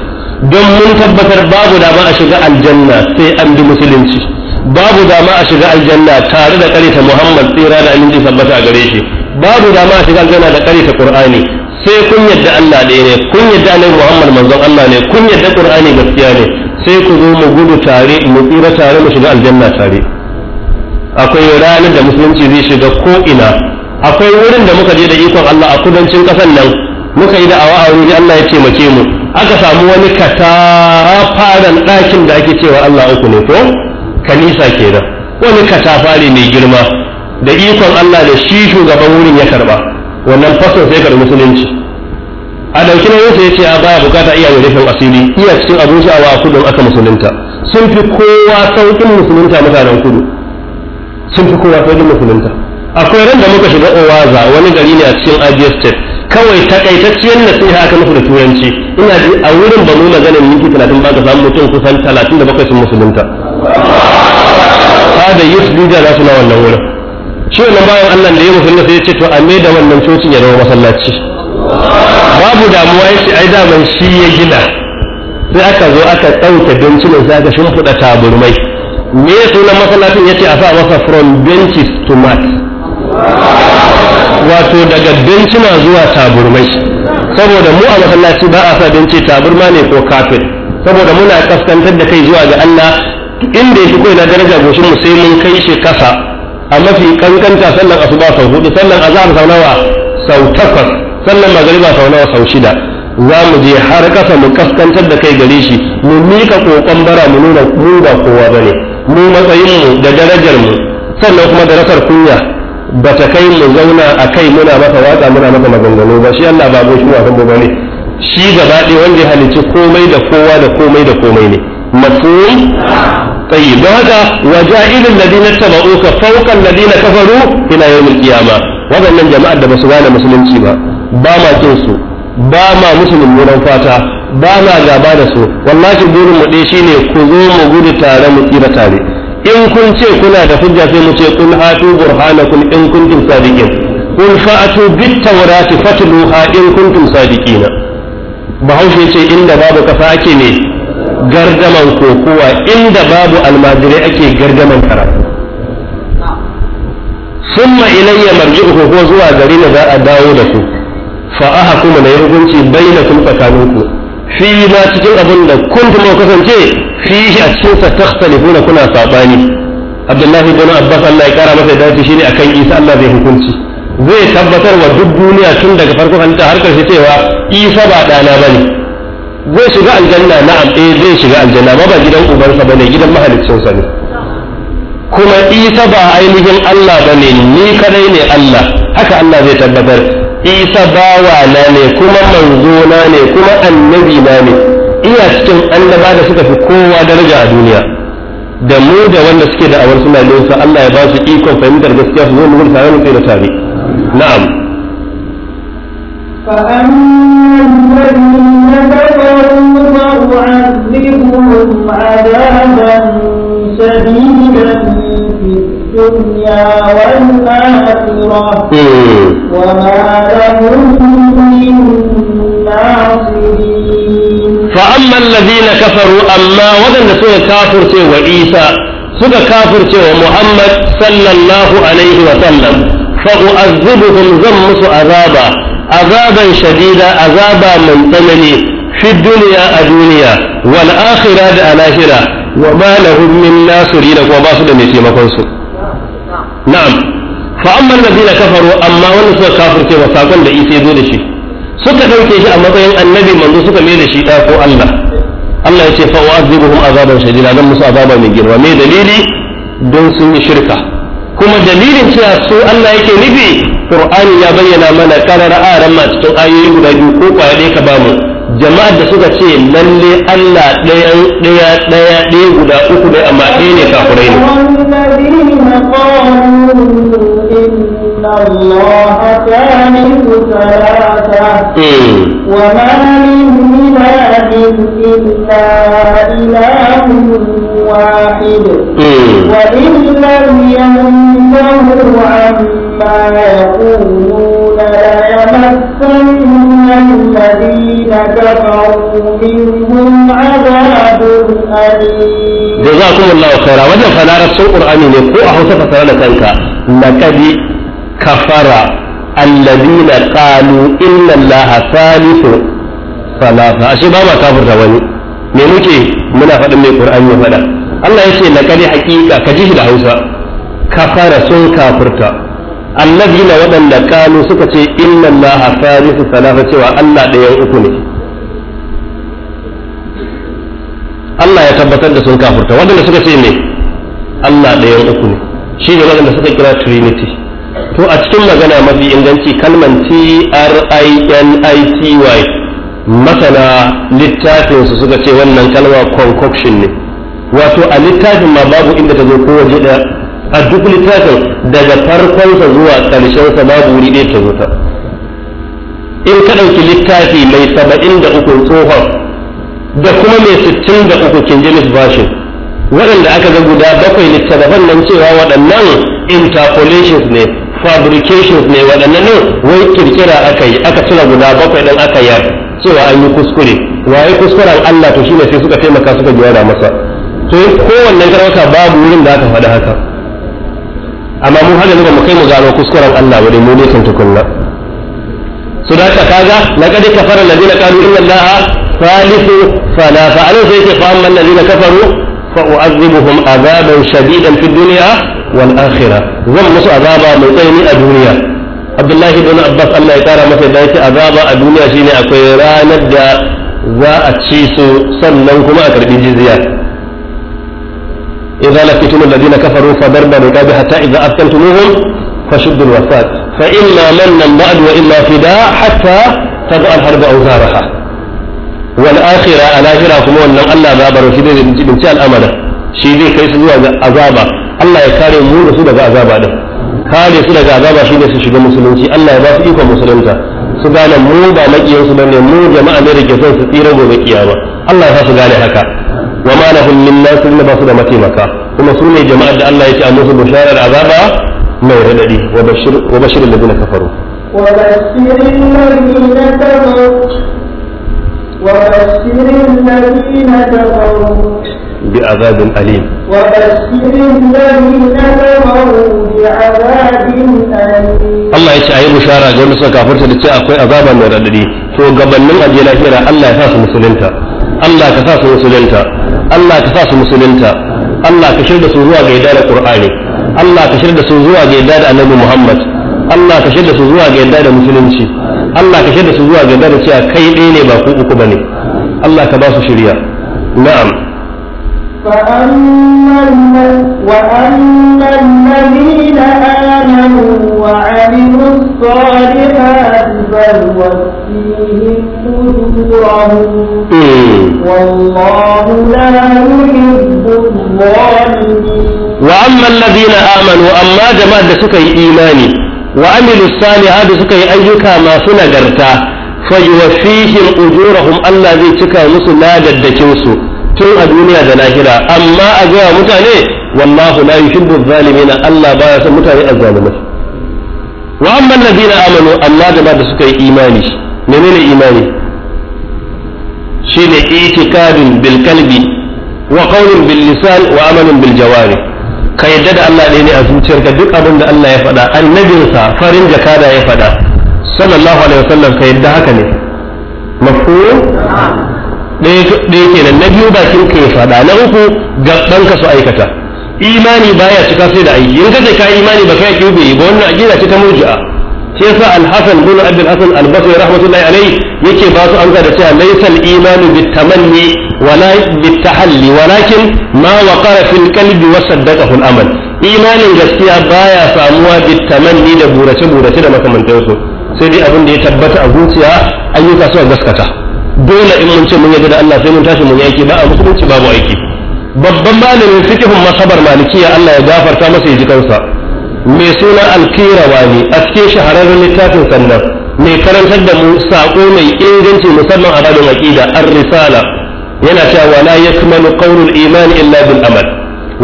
don mun tabbatar babu dama a shiga aljanna sai an bi musulunci babu dama a shiga aljanna tare da karita Muhammad tsira da aminci tabbata a gare shi babu dama a shiga aljanna da karita Qur'ani sai kun yadda Allah ɗaya ne kun yadda Annabi Muhammad manzon Allah ne kun yadda Qur'ani gaskiya ne sai ku zo mu gudu tare mu tsira tare mu shiga aljanna tare akwai ranar da musulunci zai shiga ko ina akwai wurin da muka je da ikon Allah a kudancin kasar nan muka yi da'awa a wuri Allah ya taimake mu aka samu wani katafaren ɗakin da ake cewa Allah uku ne ko kanisa kenan wani katafare mai girma da ikon Allah da shi shugaban wurin ya karba wannan fasin sai karbi musulunci a dauki nauyin ya ce a baya bukata iya yi rufin asiri iya cikin abin sha'awa a kudin aka musulunta sun fi kowa sauƙin musulunta mutanen kudu sun fi kowa sauƙin musulunta akwai ran da muka shiga owaza wani gari ne a cikin abia state kawai takaitacciyar nasiha aka muku da turanci ina ji a wurin ba mu ganin minti talatin ba ka samu mutum kusan talatin da bakwai sun musulunta da youth leader za su na wannan wurin shi wannan bayan allah da ya musulunta sai ya ce to a me da wannan cocin ya zama masallaci babu damuwa ya ce ai daman shi ya gina sai aka zo aka tsauta bencinin sai aka shimfiɗa taburmai me sunan masallacin ya ce a sa masa from benches to mat wato daga na zuwa taburmai saboda mu a masallaci ba a sa benci taburma ne ko kafin saboda muna kaskantar da kai zuwa ga Allah inda yake kai na daraja goshin mu sai mun kai shi kasa a mafi kankanta sallan asuba sau hudu sallan azhar sau nawa sau takwas sallan magariba sau nawa sau shida za mu je har kasa mu kaskantar da kai gare shi mu mika kokon bara mu nuna mu ba kowa bane mu matsayin mu da darajar mu sannan kuma da kunya ba ta kai mu zauna a kai muna masa watsa muna masa maganganu ba shi Allah ba goshi wa kanmu ne shi gaba ɗaya wanda ya halicci komai da kowa da komai da komai ne mafhum tayyib don haka waja'ilul ladina tabauka fawqa alladina kafaru ila yawmil qiyama waɗannan jama'ar da basu gane musulunci ba ba ma kin su ba ma musulmin ran fata ba ma gaba da su wallahi burin mu dai shine ku zo mu gudu tare mu tsira tare in kun ce kuna da hujja sai mu ce kun hatu burhanakum in kuntum sadiqin kun fa'atu bit tawrati fatluha in kuntum sadiqina bahaushe ce inda babu kafa ake ne gardaman kokowa inda babu almajirai ake gardaman karatu summa ilayya marji'uhu ko zuwa gari da za a dawo da ku fa kuma na yi hukunci bainakum tsakaninku fi ma cikin abin da kun kuma kasance fi shi a cikin sa na kuna sabani abdullahi ibn abbas Allah ya kara masa dace shine akan isa Allah zai hukunci zai tabbatar wa duk duniya tun daga farko hanta har karshe cewa isa ba dana bane zai shiga aljanna na'am eh zai shiga aljanna ba ba gidan ubansa bane gidan sa ne kuma isa ba ainihin Allah bane ni kadai ne Allah haka Allah zai tabbatar isa bawana ne kuma manzo na ne kuma annabi na ne iya cikin annaba da suka fi kowa daraja a duniya da mu da wanda suke da awar suna nesa Allah ya ba su ikon fahimtar gaskiya su zo mu gudu tare mu da tare na'am فأما الذين كفروا فأعذبهم عذابا شديدا الدنيا والآخرة وما لهم من ناصرين فأما الذين كفروا أما وذن سوى كافر سوى عيسى سوى كافر سوى محمد صلى الله عليه وسلم فأعذبهم زمس عذابا عذابا شديدا عذابا من ثمني في الدنيا الدنيا والآخرة الآخرة وما لهم من ناصرين وما سلم يتيمكم سوء na'am fa amma allazina kafaru amma wanda suka kafirce wa sakon da isa zo da shi suka dauke shi a matsayin annabi manzo suka mai da shi da ko Allah Allah ya ce fa u'azibuhum azaban shadida dan musu azaba mai girma me dalili don sun yi shirka kuma dalilin cewa su Allah yake nufi Qur'ani ya bayyana mana karara a ran ma cikin ayoyi guda biyu ko kwaya ɗaya ka bamu jama'ar da suka ce lalle Allah ɗaya ɗaya ɗaya ɗaya guda uku ne amma ɗaya ne kafirai ne hmm. وما من إله إلا إله واحد hmm. وإن لم ينتهوا عما يقول كفروا منهم عذاب أليم جزاكم الله خيرا وجه فنارة سوء القرآن يقول أحوث فسرنا تنكا لقد كفر الذين قالوا إن الله ثالث ثلاثة أشي بابا كافر تواني me muke muna faɗin mai Qur'ani ya faɗa Allah ya ce laqad haqiqa ka ji shi da Hausa kafara sun kafirta allazina waɗanda kanu suka ce inna allaha salisu cewa Allah ɗayan uku ne Allah ya tabbatar da sun kafurta waɗanda suka ce me Allah ɗayan uku ne shi ne waɗanda suka kira trinity to a cikin magana mafi inganci kalman t r i n i t y masana littafinsu suka ce wannan kalma concoction ne wato a littafin ma babu inda ta zo ko waje da a duk littafin daga farkonsa zuwa ƙarshensa babu wuri ɗaya ta zo ta in ka ɗauki littafi mai saba'in da uku tsohon da kuma mai sittin da uku king james waɗanda aka ga guda bakwai littattafan nan cewa waɗannan interpolations ne fabrications ne waɗannan ne wai kirkira aka yi aka cira guda bakwai ɗin aka yi cewa an yi kuskure waye kuskuren allah to shine sai suka taimaka suka gyara masa to wannan garwata babu wurin da aka faɗi haka amma mu hada ne mu kai mu gano kuskuren allah wurin mu ne kan tukunna su da ka kaga na kadi kafara ladina qalu inna allaha الثالث فلا فعلوا ذلك فأما الذين كفروا فأعذبهم عذابا شديدا في الدنيا والآخرة زم مس عذابا مطين الدنيا عبد الله بن عباس الله يتارى مثل ذلك عذابا الدنيا شين أكويران الدا ذا أتشيسو كما أكربي جزيات إذا لقيتم الذين كفروا فضرب الرقاب حتى إذا أثخنتموهم فشدوا الوفاة فإما منا بعد وإما فداء حتى تضع الحرب أوزارها wal akhira a lahira kuma wannan Allah za bar shi da binci al'amala shi zai kai su zuwa azaba Allah ya kare mu da su daga azaba din kare su daga azaba shine su shiga musulunci Allah ya ba su ikon musulunta su gane mu ba makiyan su bane mu jama'a ne da ke son su tsira gobe kiyama Allah ya su gane haka wa ma lahum min nasir ba su da mataimaka kuma su ne jama'ar da Allah ya ce a musu bisharar azaba mai radadi wa bashir wa bashir alladhina kafaru wa bashir alladhina kafaru وبشر الذين كفروا بعذاب أليم وبشر الذين كفروا بعذاب أليم الله يشاء بشارة suka سكا da لتشاء akwai عذابا من رددي to gabanin aje lahira Allah ya sa su musulunta Allah ka sa su musulunta Allah ka sa su musulunta Allah ka shirya su zuwa ga yadda da Qur'ani Allah ka shirya su zuwa ga yadda da Annabi Muhammad Allah ka shirya su zuwa ga yadda da musulunci Allah ka shaida su zuwa gaba da cewa kai ɗaya ne ba ku uku bane Allah ka ba su shirya na'am وأما الذين آمنوا وعملوا الصالحات فلوفيهم أجورهم والله لا يحب الظالمين وأما الذين آمنوا أما جماعة سكي إيماني wa amilu da suka yi ayyuka masu nagarta fa yuwaffihim ujurahum Allah zai cika musu ladaddakin su tun a duniya da lahira amma a ga mutane wallahu la yuhibbu zalimina Allah baya son mutane azzalimai wa amma alladhina amanu amma da da suka yi imani menene imani shine itikadun bil kalbi wa qawlun bil lisan wa amalun bil ka yadda da Allah ɗaya ne a zuciyarka duk abin da Allah ya faɗa annabinsa farin jakada ya faɗa sallallahu alaihi wasallam ka yadda haka ne mafhum ɗaya kenan na biyu bakin ka ya faɗa na uku gaban ka su aikata imani baya cika sai da aiki in ka ce ka imani ba kai kiwo ba wannan aqida ce ta murji'a shi yasa al-hasan bin abdul hasan al-basri rahmatullahi alayhi yake ba su da cewa laysal imanu bitamanni wala bitahalli walakin ma waqara fil qalbi wa saddaqahu al amal imanin gaskiya baya samuwa bitamanni da burace burace da makamantansu sai dai abin ya tabbata a zuciya ayyuka suka gaskata dole in mun ce mun yarda da Allah sai mun tashi mun yaki ba a musulunci babu aiki babban malamin fiqhun masabar ya Allah ya gafarta masa ya ji kansa mai suna alkirawani ne aske shahararren littafin sannan mai karantar da mu saƙo mai inganci musamman a babin aƙida ar-risala yana cewa wala yakmalu qawlul iman illa bil amal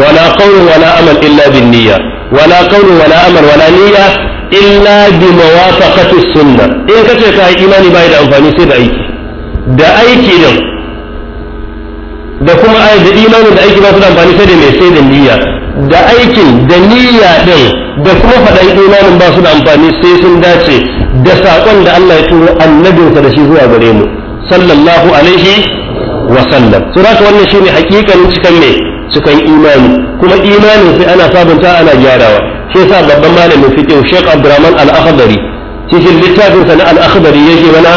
wala qawlu wala amal illa bin niyya wala qawlu wala amal wala niyya illa bi muwafaqati sunna in kace ka imani bai da amfani sai da aiki da aiki din da kuma ai da imanin da aiki ba su da amfani sai da mai sai da niyya da aikin da niyya din da kuma faɗan imanin ba su da amfani sai sun dace da saƙon da Allah ya turo annabinsa da shi zuwa gare mu sallallahu alaihi wasallan sallam so haka wannan shine hakikanin cikan ne cikan imani kuma imanin sai ana sabunta ana gyarawa shi yasa babban malamin fiqh Sheikh Abdurrahman Al-Akhdari cikin littafin sa na Al-Akhdari yake mana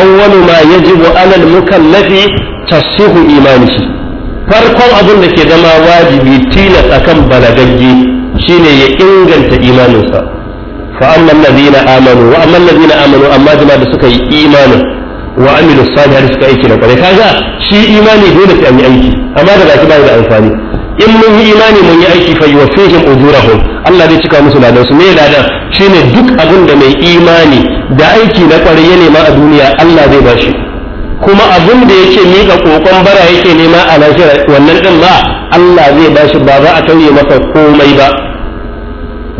awwalu ma yajibu ala al-mukallafi tashihu imanihi farkon abin da ke zama wajibi tilas akan balagagge shine ya inganta imaninsa fa amma alladhina amanu wa amma alladhina amanu amma jama'a da suka yi imanin wa amilu salihati suka aiki da kwarai kaga shi imani dole sai an yi aiki amma da baki ba da amfani in mun yi imani mun yi aiki fa yuwaffihim ujurahum Allah zai cika musu ladan su ne ladan shine duk abin da mai imani da aiki na kwarai ya nema a duniya Allah zai bashi kuma abin da yake mika kokon bara yake nema a lahira wannan din ba Allah zai bashi ba za a tauye masa komai ba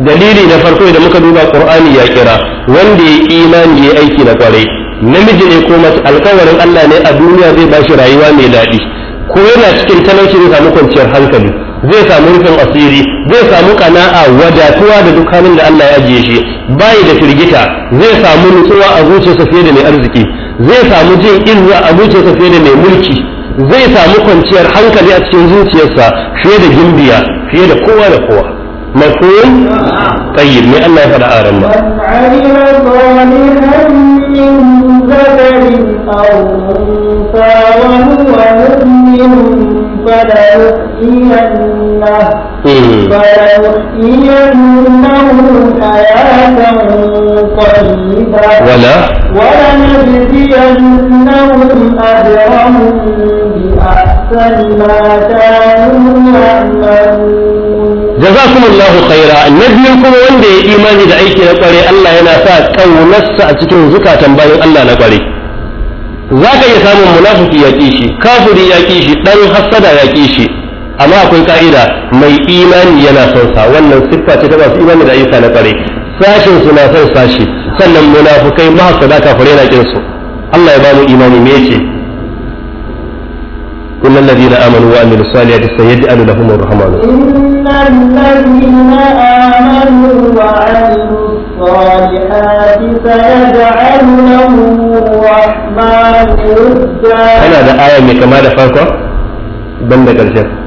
dalili na farko da muka duba qur'ani ya kira wanda ya imani ya aiki na kwarai namiji ne ko mace alkawarin Allah ne a duniya zai ba shi rayuwa mai daɗi ko yana cikin talauci zai samu kwanciyar hankali zai samu rufin asiri zai samu kana'a wadatuwa da duk halin da Allah ya ajiye shi bayi da firgita zai samu nutsuwa a zuciyarsa fiye da mai arziki zai samu jin izza a zuciyarsa fiye da mai mulki zai samu kwanciyar hankali a cikin zuciyarsa fiye da gimbiya fiye da kowa da kowa مفهوم طيب من الله فلا أعلم علم صالحا من ذكر أو أنثى وهو مؤمن فلنحيينه فلنحيينه حياة طيبة ولا ولنجزينهم أجرهم بأحسن ما كانوا يعملون Da jazakumullahu khaira na biyu kuma wanda ya yi imani da aiki na kware Allah yana sa kaunarsa a cikin zukatan bayan Allah na kware za ka iya samun munafuki ya ƙi shi ya ƙi shi ɗan hassada ya ƙi shi amma akwai ka'ida mai imani yana son wannan siffa ce ta masu imani da ayyuka na kware sashin su na son sashi sannan munafukai mahasada kafirai na ƙin Allah ya ba mu imani me ce إن الذين آمنوا وعملوا الصالحات سيجعل لهم الرحمن آية إن الذين آمنوا وعلموا الصالحات سيجعل لهم الرحمن ودا أنا ذا آية من كمال فرقة بندق الجنة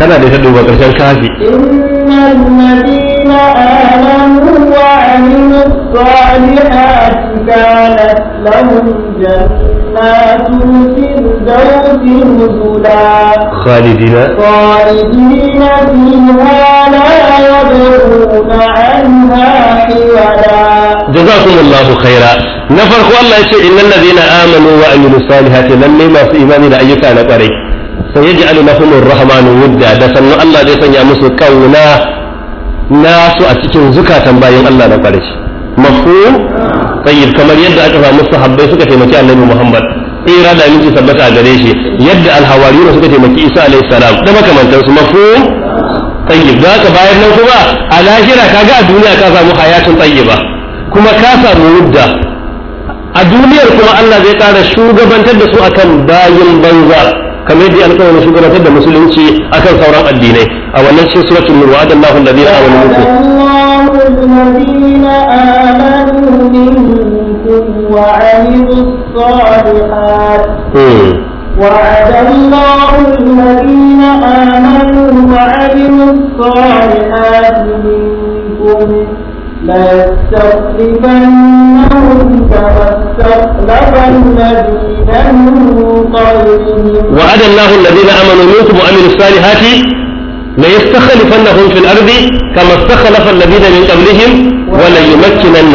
kana da ta duba ƙarshen جنات الفردوس نزلا خالدين خالدين فيها لا يبغون عنها حولا جزاكم الله خيرا na farko Allah ya ce innal ladina amanu wa saliha salihati lalle masu imani da ayyuka na kwarai sai yaji alu lahum rahmanu wudda da sannan Allah zai sanya masu kauna nasu a cikin zukatan bayan Allah na kwarai tayyib kamar yadda aka samu sahabbai suka taimaki annabi Muhammad tsira da miki sabbata a gare shi yadda alhawariyuna suka taimaki Isa alaihi salam da makamantar su mafhum tayyib da ka bayan nan kuma a lahira kaga a duniya ka samu hayatun tayyiba kuma ka samu mudda a duniyar kuma Allah zai ƙara shugabantar da su akan bayin banza kamar yadda alƙawarin shugabantar da musulunci akan sauran addinai a wannan cikin suratul nur wa'adallahu alladhina amanu minkum الذين آمنوا منكم وعملوا الصالحات وعد الله الذين آمنوا وعملوا الصالحات منكم ليستخلفنهم كما استخلف الذين من قبلهم وعد الله الذين آمنوا منكم وعملوا الصالحات ليستخلفنهم في الأرض كما استخلف الذين من قبلهم وليمكنن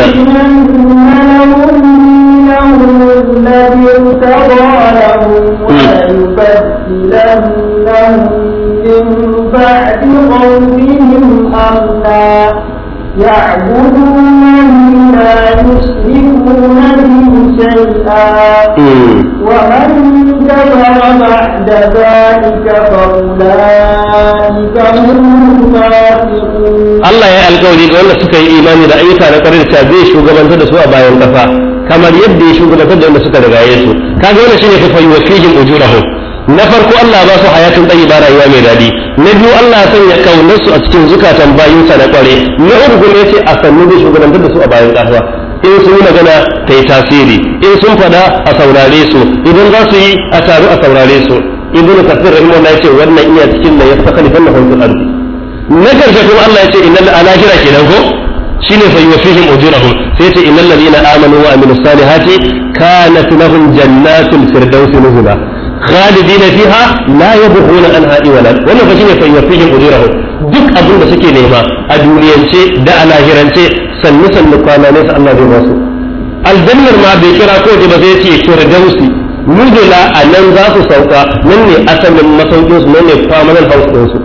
يعبدون لا يشركون به شيئا ومن Allah ya yi فأولئك هم wanda suka yi القولي ولا سكي إيماني رأيك أنا zai شابي da su a bayan ينقفا kamar yadda ya shugabantar da wanda suka rigaye su kaga wannan shine fa uju ujurahum na farko Allah ba su hayatun ba rayuwa mai daɗi na biyu Allah san ya kaunar a cikin zukatan bayinsa na kware na uku ya ce a sannu da da su a bayan kasuwa in sun yi magana ta yi tasiri in sun faɗa a saurare su idan za su yi a taru a saurare su ibnu kasir rahimahullah yace wannan iya cikin da ya saka ni na hulul ardi na karshe kuma Allah ya ce yace innal ke kenan ko shine fa yuwafihim ujurahum sai ce yace innal zina amanu wa aminu amilus salihati na lahum jannatul firdaus nuzula khalidina fiha la yabghuna anha iwala wannan fa shine fa yuwafihim ujurahum duk abin da suke nema a duniyance da a lahirance sannu sannu kwana nesa Allah zai basu aljannar ma bai kira ko ba zai ce dausi nuzula a nan za su sauka nan ne asalin masaukin su nan ne permanent house din su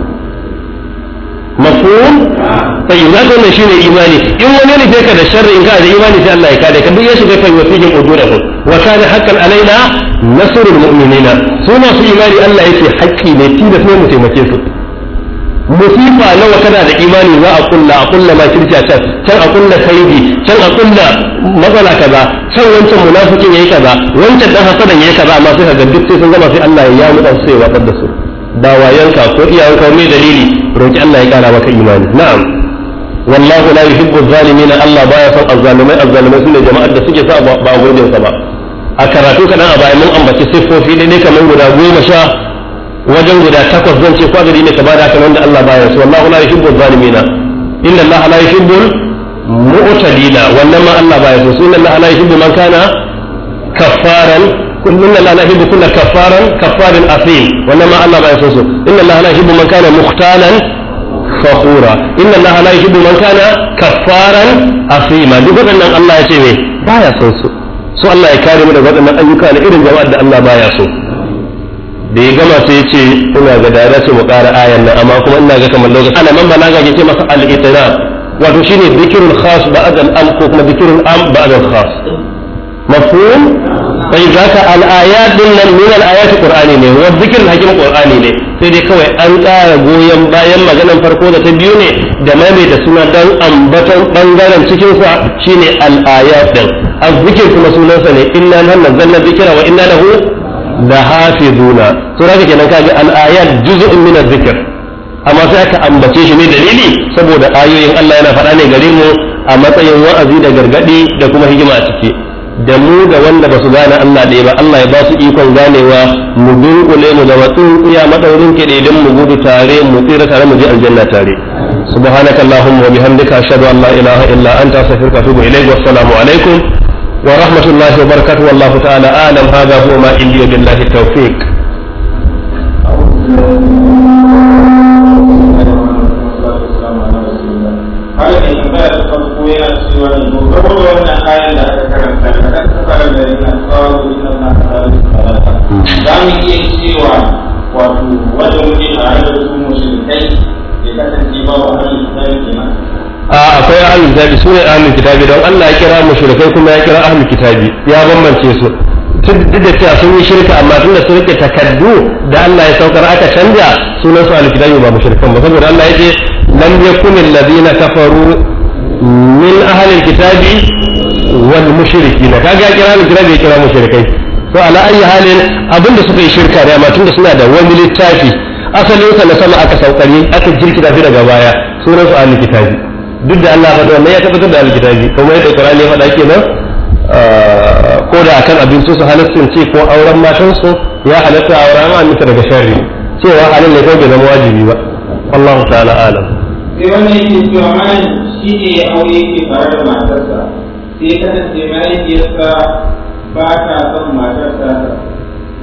mafhum sai yanzu wannan shine imani in wani ne sai ka da sharri in ka da imani sai Allah ya kada ka duk ya shiga fa yusijin ko wa kana haqqan alaina nasrul mu'minina su masu imani Allah yake haƙƙi ne tilas ne mu taimake su musifa nawa kana da imani za a kulla a kulla ma kirki a can can a kulla kaidi can a kulla matsala kaza can wancan munafikin yayi kaza wancan dan hasadan yayi kaza amma sai ka ga duk sai sun gama sai Allah ya yamu dan sai wadar da su ba wayanka ko iyawanka mai dalili roki Allah ya kara maka imani na'am wallahu la yuhibbu adh Allah baya son azzalimai azzalimai sune jama'ar da suke sa ba gurbin sa ba a karatu kadan a bayan mun ambaci siffofi dai kamar guda goma sha wajen guda takwas zan ce kwazari ne ka ba da wanda Allah baya su wallahu la yuhibbu zalimina inna Allah la yuhibbu mu'tadina wannan ma Allah baya so inna Allah la yuhibbu man kana kaffaran inna Allah la yuhibbu kulla kaffaran kaffarin asim wannan ma Allah baya so su inna Allah la yuhibbu man kana mukhtalan fakhura inna Allah la yuhibbu man kana kaffaran asima duk waɗannan Allah ya ce me baya son su so Allah ya kare mu daga waɗannan ayyuka na irin jama'ar da Allah baya so da ya gama sai ya ce ina ga da su ce mu ƙara ayan nan amma kuma ina ga kamar lokaci ana man balaga ke ce masa al-itina wato shine dhikrul khas ba'da al ko kuma dhikrul am ba'da al-khas mafhum sai zaka al-ayat din nan min al-ayat qur'ani ne wa dhikrul hakim qur'ani ne sai dai kawai an ƙara goyon bayan maganan farko da ta biyu ne da maimaita suna dan ambatan bangaren cikinsa shine al-ayat din az-zikr kuma sunansa ne inna nahnu nazzalna dhikra wa inna lahu da to daga kenan kaga al-ayat juz'un min adh-dhikr amma sai aka ambace shi ne dalili saboda ayoyin Allah yana faɗa ne gare mu a matsayin wa'azi da gargadi da kuma hikima a ciki da mu da wanda ba su gane Allah ɗaya ba Allah ya ba su ikon ganewa mu dunkule mu da tsuntsiya madaurin kiɗe don mu gudu tare mu tsira tare mu je aljanna tare subhanakallahumma wa bihamdika ashhadu an la ilaha illa anta astaghfiruka wa atubu ilaik wassalamu alaikum ورحمة الله وبركاته والله تعالى أعلم هذا هو ما إلي وبالله التوفيق a akwai ahlul kitabi sune ahlul kitabi don Allah ya kira mushrikai kuma ya kira ahlul kitabi ya bambance su duk da cewa sun yi shirka amma tunda sun rike takaddu da Allah ya saukar aka canja sunan su ahlul kitabi ba mushrikan ba saboda Allah ya ce lam yakunil ladina kafaru min ahlul kitabi wal mushrikin kaga kira ahlul kitabi ya kira mushrikai to ala ayi halin abinda suka yi shirka da amma tunda suna da wani littafi asalin sa na sama aka saukari aka jirkita fi daga baya sunan su ahlul kitabi duk da Allah faɗa wannan ya tabbatar da alkitabi kuma yadda Qur'ani ya faɗa kenan ah, ko da akan abinci su halaccin ce ko auren su ya halatta auren an mita daga sharri cewa halin ne ko bai zama wajibi ba Allah ta'ala alam sai wannan yake cewa malam shi ne ya aure yake tare da matarsa sai kasance mahaifiyarsa ba ta son matarsa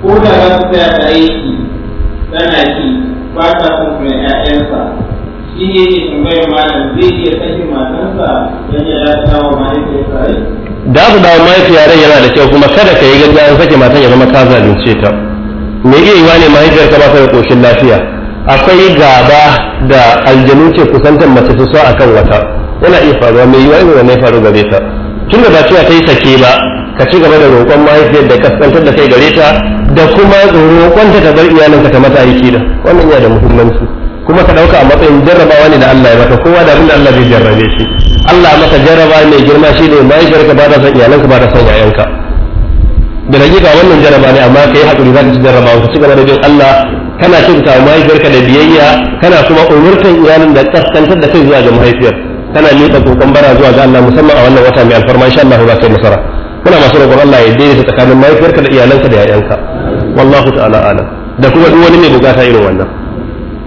ko da za su tsaya da aiki tana ki ba ta son kuma 'ya'yansa shi ne tambayar malam zai iya sakin matansa don ya wa mahaifiyarsa rai da su dawo mahaifiya rai yana da kyau kuma kada ka yi gaggawa an sake matan ya zama ka zalunce ta me iya yiwa ne mahaifiyar ka ba ta da koshin lafiya akwai gaba da aljanu ce kusantar mace su so akan wata yana iya faruwa me yiwa ne wannan faru gare ta da ba cewa ta yi sake ba ka ci gaba da roƙon mahaifiyar da kaskantar da kai gare ta da kuma roƙon ta ta bar iyalinka ta mata aiki da wannan yana da muhimmanci kuma ka dauka a matsayin jarrabawa ne da Allah ya maka kowa da abin da Allah zai jarrabe shi Allah maka jarraba mai girma shi ne mahaifiyarka ba da san iyalanka ba da san yayanka da hakika wannan jarraba ne amma kai hakuri za ka ci jarrabawa ka ci gaba da bin Allah kana kyautata wa mahaifiyarka da biyayya kana kuma umurtan iyalin da kaskantar da kai zuwa ga mahaifiyar kana miƙa kokon bara zuwa ga Allah musamman a wannan wata mai alfarma insha Allah za ka yi nasara muna masu roƙon Allah ya daidaita tsakanin mahaifiyarka da iyalanka da yayanka wallahu ta'ala alam da kuma duk wani mai bukata irin wannan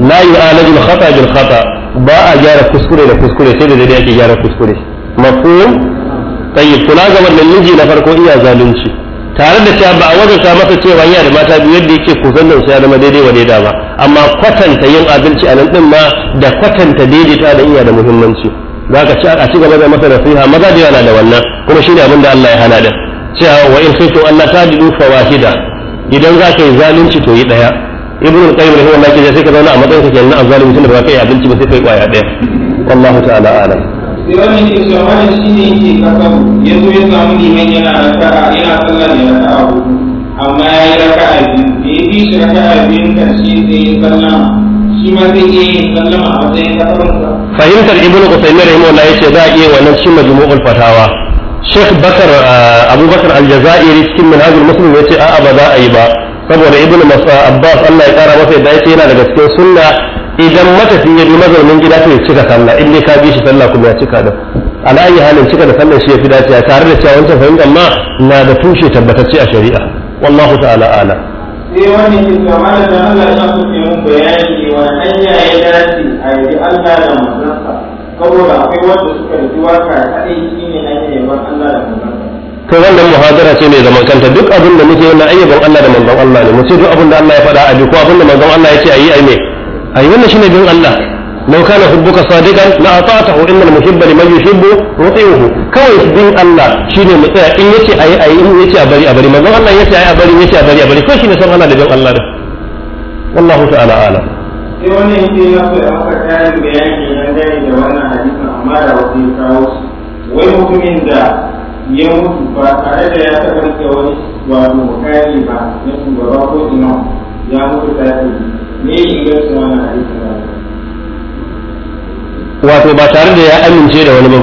la yu'alajul khata bil khata ba a gyara kuskure da kuskure sai da dai ake gyara kuskure mafhum tayyib kula ga wannan miji na farko iya zalunci tare da cewa ba a wajen sa masa cewa yana da mata biyu yadda yake kusan nan sai ya zama daidai wa daidai ba amma kwatanta yin abinci a nan din ma da kwatanta daidaita da iya da muhimmanci za ka ci a ci gaba da masa nasiha maza da yana da wannan kuma shi ne abin da Allah ya hana da cewa wa in khiftu ta la tadilu fawahida idan za ka yi zalunci to yi daya ibn al-qayyim rahimahullah ke sai ka zauna a matsayin ka kenan a zalimi ba ka yi abinci ba sai kai kwaya daya wallahu ta'ala alam sai wani ke shawara shi ne yake kasa ya zo ya samu liman yana raka'a yana sallah da raka'a amma ya yi raka'a biyu da ya bi shi raka'a biyun karshe sai ya sallama shi ma zai iya yin sallama a matsayin kasarsa fahimtar ibn qusaymi rahimahullah yace za a iya wannan shi majmu'ul fatawa Sheikh Bakar eh, Abubakar Al-Jazairi cikin manhajul Muslim a'a ba za a yi ba saboda ibn abbas Allah ya kara masa yadda ce yana daga cikin sunna idan matafi ya bi mazaunin gida to ya cika sallah in dai ka bi shi sallah kuma ya cika da ala ayi halin cika da sallah shi ya fi dacewa tare da cewa wancan fahimtar ma na da tushe tabbatacce a shari'a wallahu ta'ala ala sai eh, wani cikin kama da Allah ya kuke mun bayani wa hanya ya dace a yi Allah da manzansa saboda akwai wanda suka yi waka kadai shine hanya ya bar Allah da manzansa to wannan muhadara ce mai zaman kanta duk abin da muke na ayyukan Allah da manzon Allah ne duk abin da Allah ya faɗa a ko abin da manzon Allah ayi ne ayi wannan shine bin Allah law kana hubbuka sadiqan la innal muhibba liman yuhibbu kawai bin Allah shine mu tsaya in yace ayi ayi in yace a bari a bari manzon Allah yace ayi a bari yace a bari a bari ko shine san Allah da bin Allah da wallahu ta'ala ala sai wannan yake ya so kayan bayani da wannan hadisin amma da wasu kawo wai mutumin da ya mutu ba tare da ya taɓa wani wato mukami ba na shugaba ko imam ya mutu tafi ne ingancin wani hadisin ba wato ba tare da ya amince da wani ba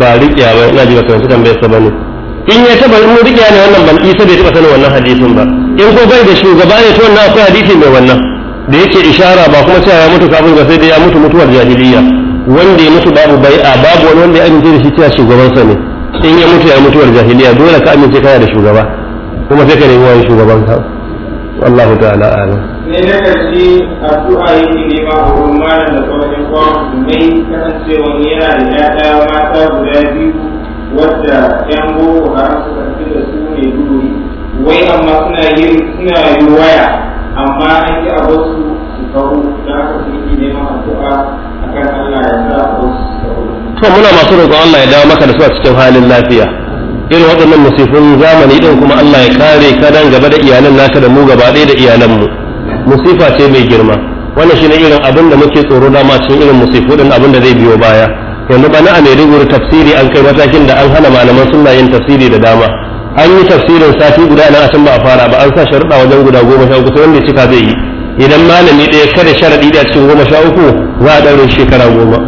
ba riƙiya ba ina ji ba kan bai saba ne. in ya taba in riƙiya ne wannan ban isa bai taba sanin wannan hadisin ba in ko bai da shugaba ne to wannan akwai hadisi mai wannan da yake ishara ba kuma cewa ya mutu kafin ga sai dai ya mutu mutuwar jahiliya wanda ya mutu babu bai'a babu wani wanda ya amince da shi cewa sa ne in ya mutu ya mutuwar jahiliya dole ka amince kana da shugaba kuma sai ka nemi wani shugaban ka wallahu ta'ala alam ne na karshe addu'a yake nema a wurin malam da sauran kwa mai kasancewa yana da yada mata guda biyu wadda yan boko haram suka fi da su ne gudu wai amma suna yin suna yi waya amma an yi a wasu su kawo da aka fi neman addu'a to muna masu roƙon Allah ya dawo maka da su a cikin halin lafiya irin waɗannan musifin zamani din kuma Allah ya kare ka dan gaba da iyalan naka da mu gaba ɗaya da iyalan mu musifa ce mai girma wannan shine irin abin da muke tsoro da ma cikin irin musifu din abin da zai biyo baya yanzu bana a mai rigur tafsiri an kai matakin da an hana malaman sunna yin tafsiri da dama an yi tafsirin sati guda na asan ba a fara ba an sa sharuɗa wajen guda goma sha uku sai wanda ya cika zai yi idan malami ɗaya kada sharaɗi da cikin goma sha uku za a ɗaure shekara goma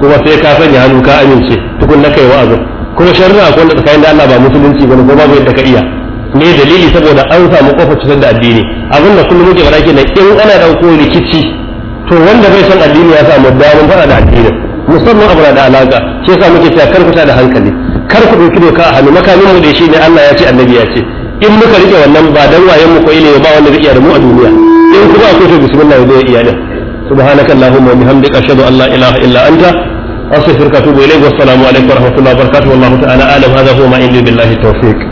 kuma sai ka sanya hannu ka amince tukun na kai wa'azin kuma sharri akwai wanda tsakanin da Allah ba musulunci bane ko babu yadda ka iya me dalili saboda an samu kofar cutar da addini abin da kullum muke baraki na in ana dauko rikici to wanda bai san addini ya samu damar fara da addini musamman abu da alaka shi yasa muke cewa kar ku da hankali kar ku dauki doka a hannu makamin mu da shi ne Allah ya ce annabi ya ce in muka rike wannan ba dan wayen mu ko ile ba wanda zai iya da mu a duniya in kuma akwai to bismillah zai iya din subhanaka allahumma wa bihamdika ashhadu an la ilaha illa anta astaghfiruka wa atubu ilayk wa assalamu alaykum wa rahmatullahi wa barakatuh wallahu ta'ala alam hadha huwa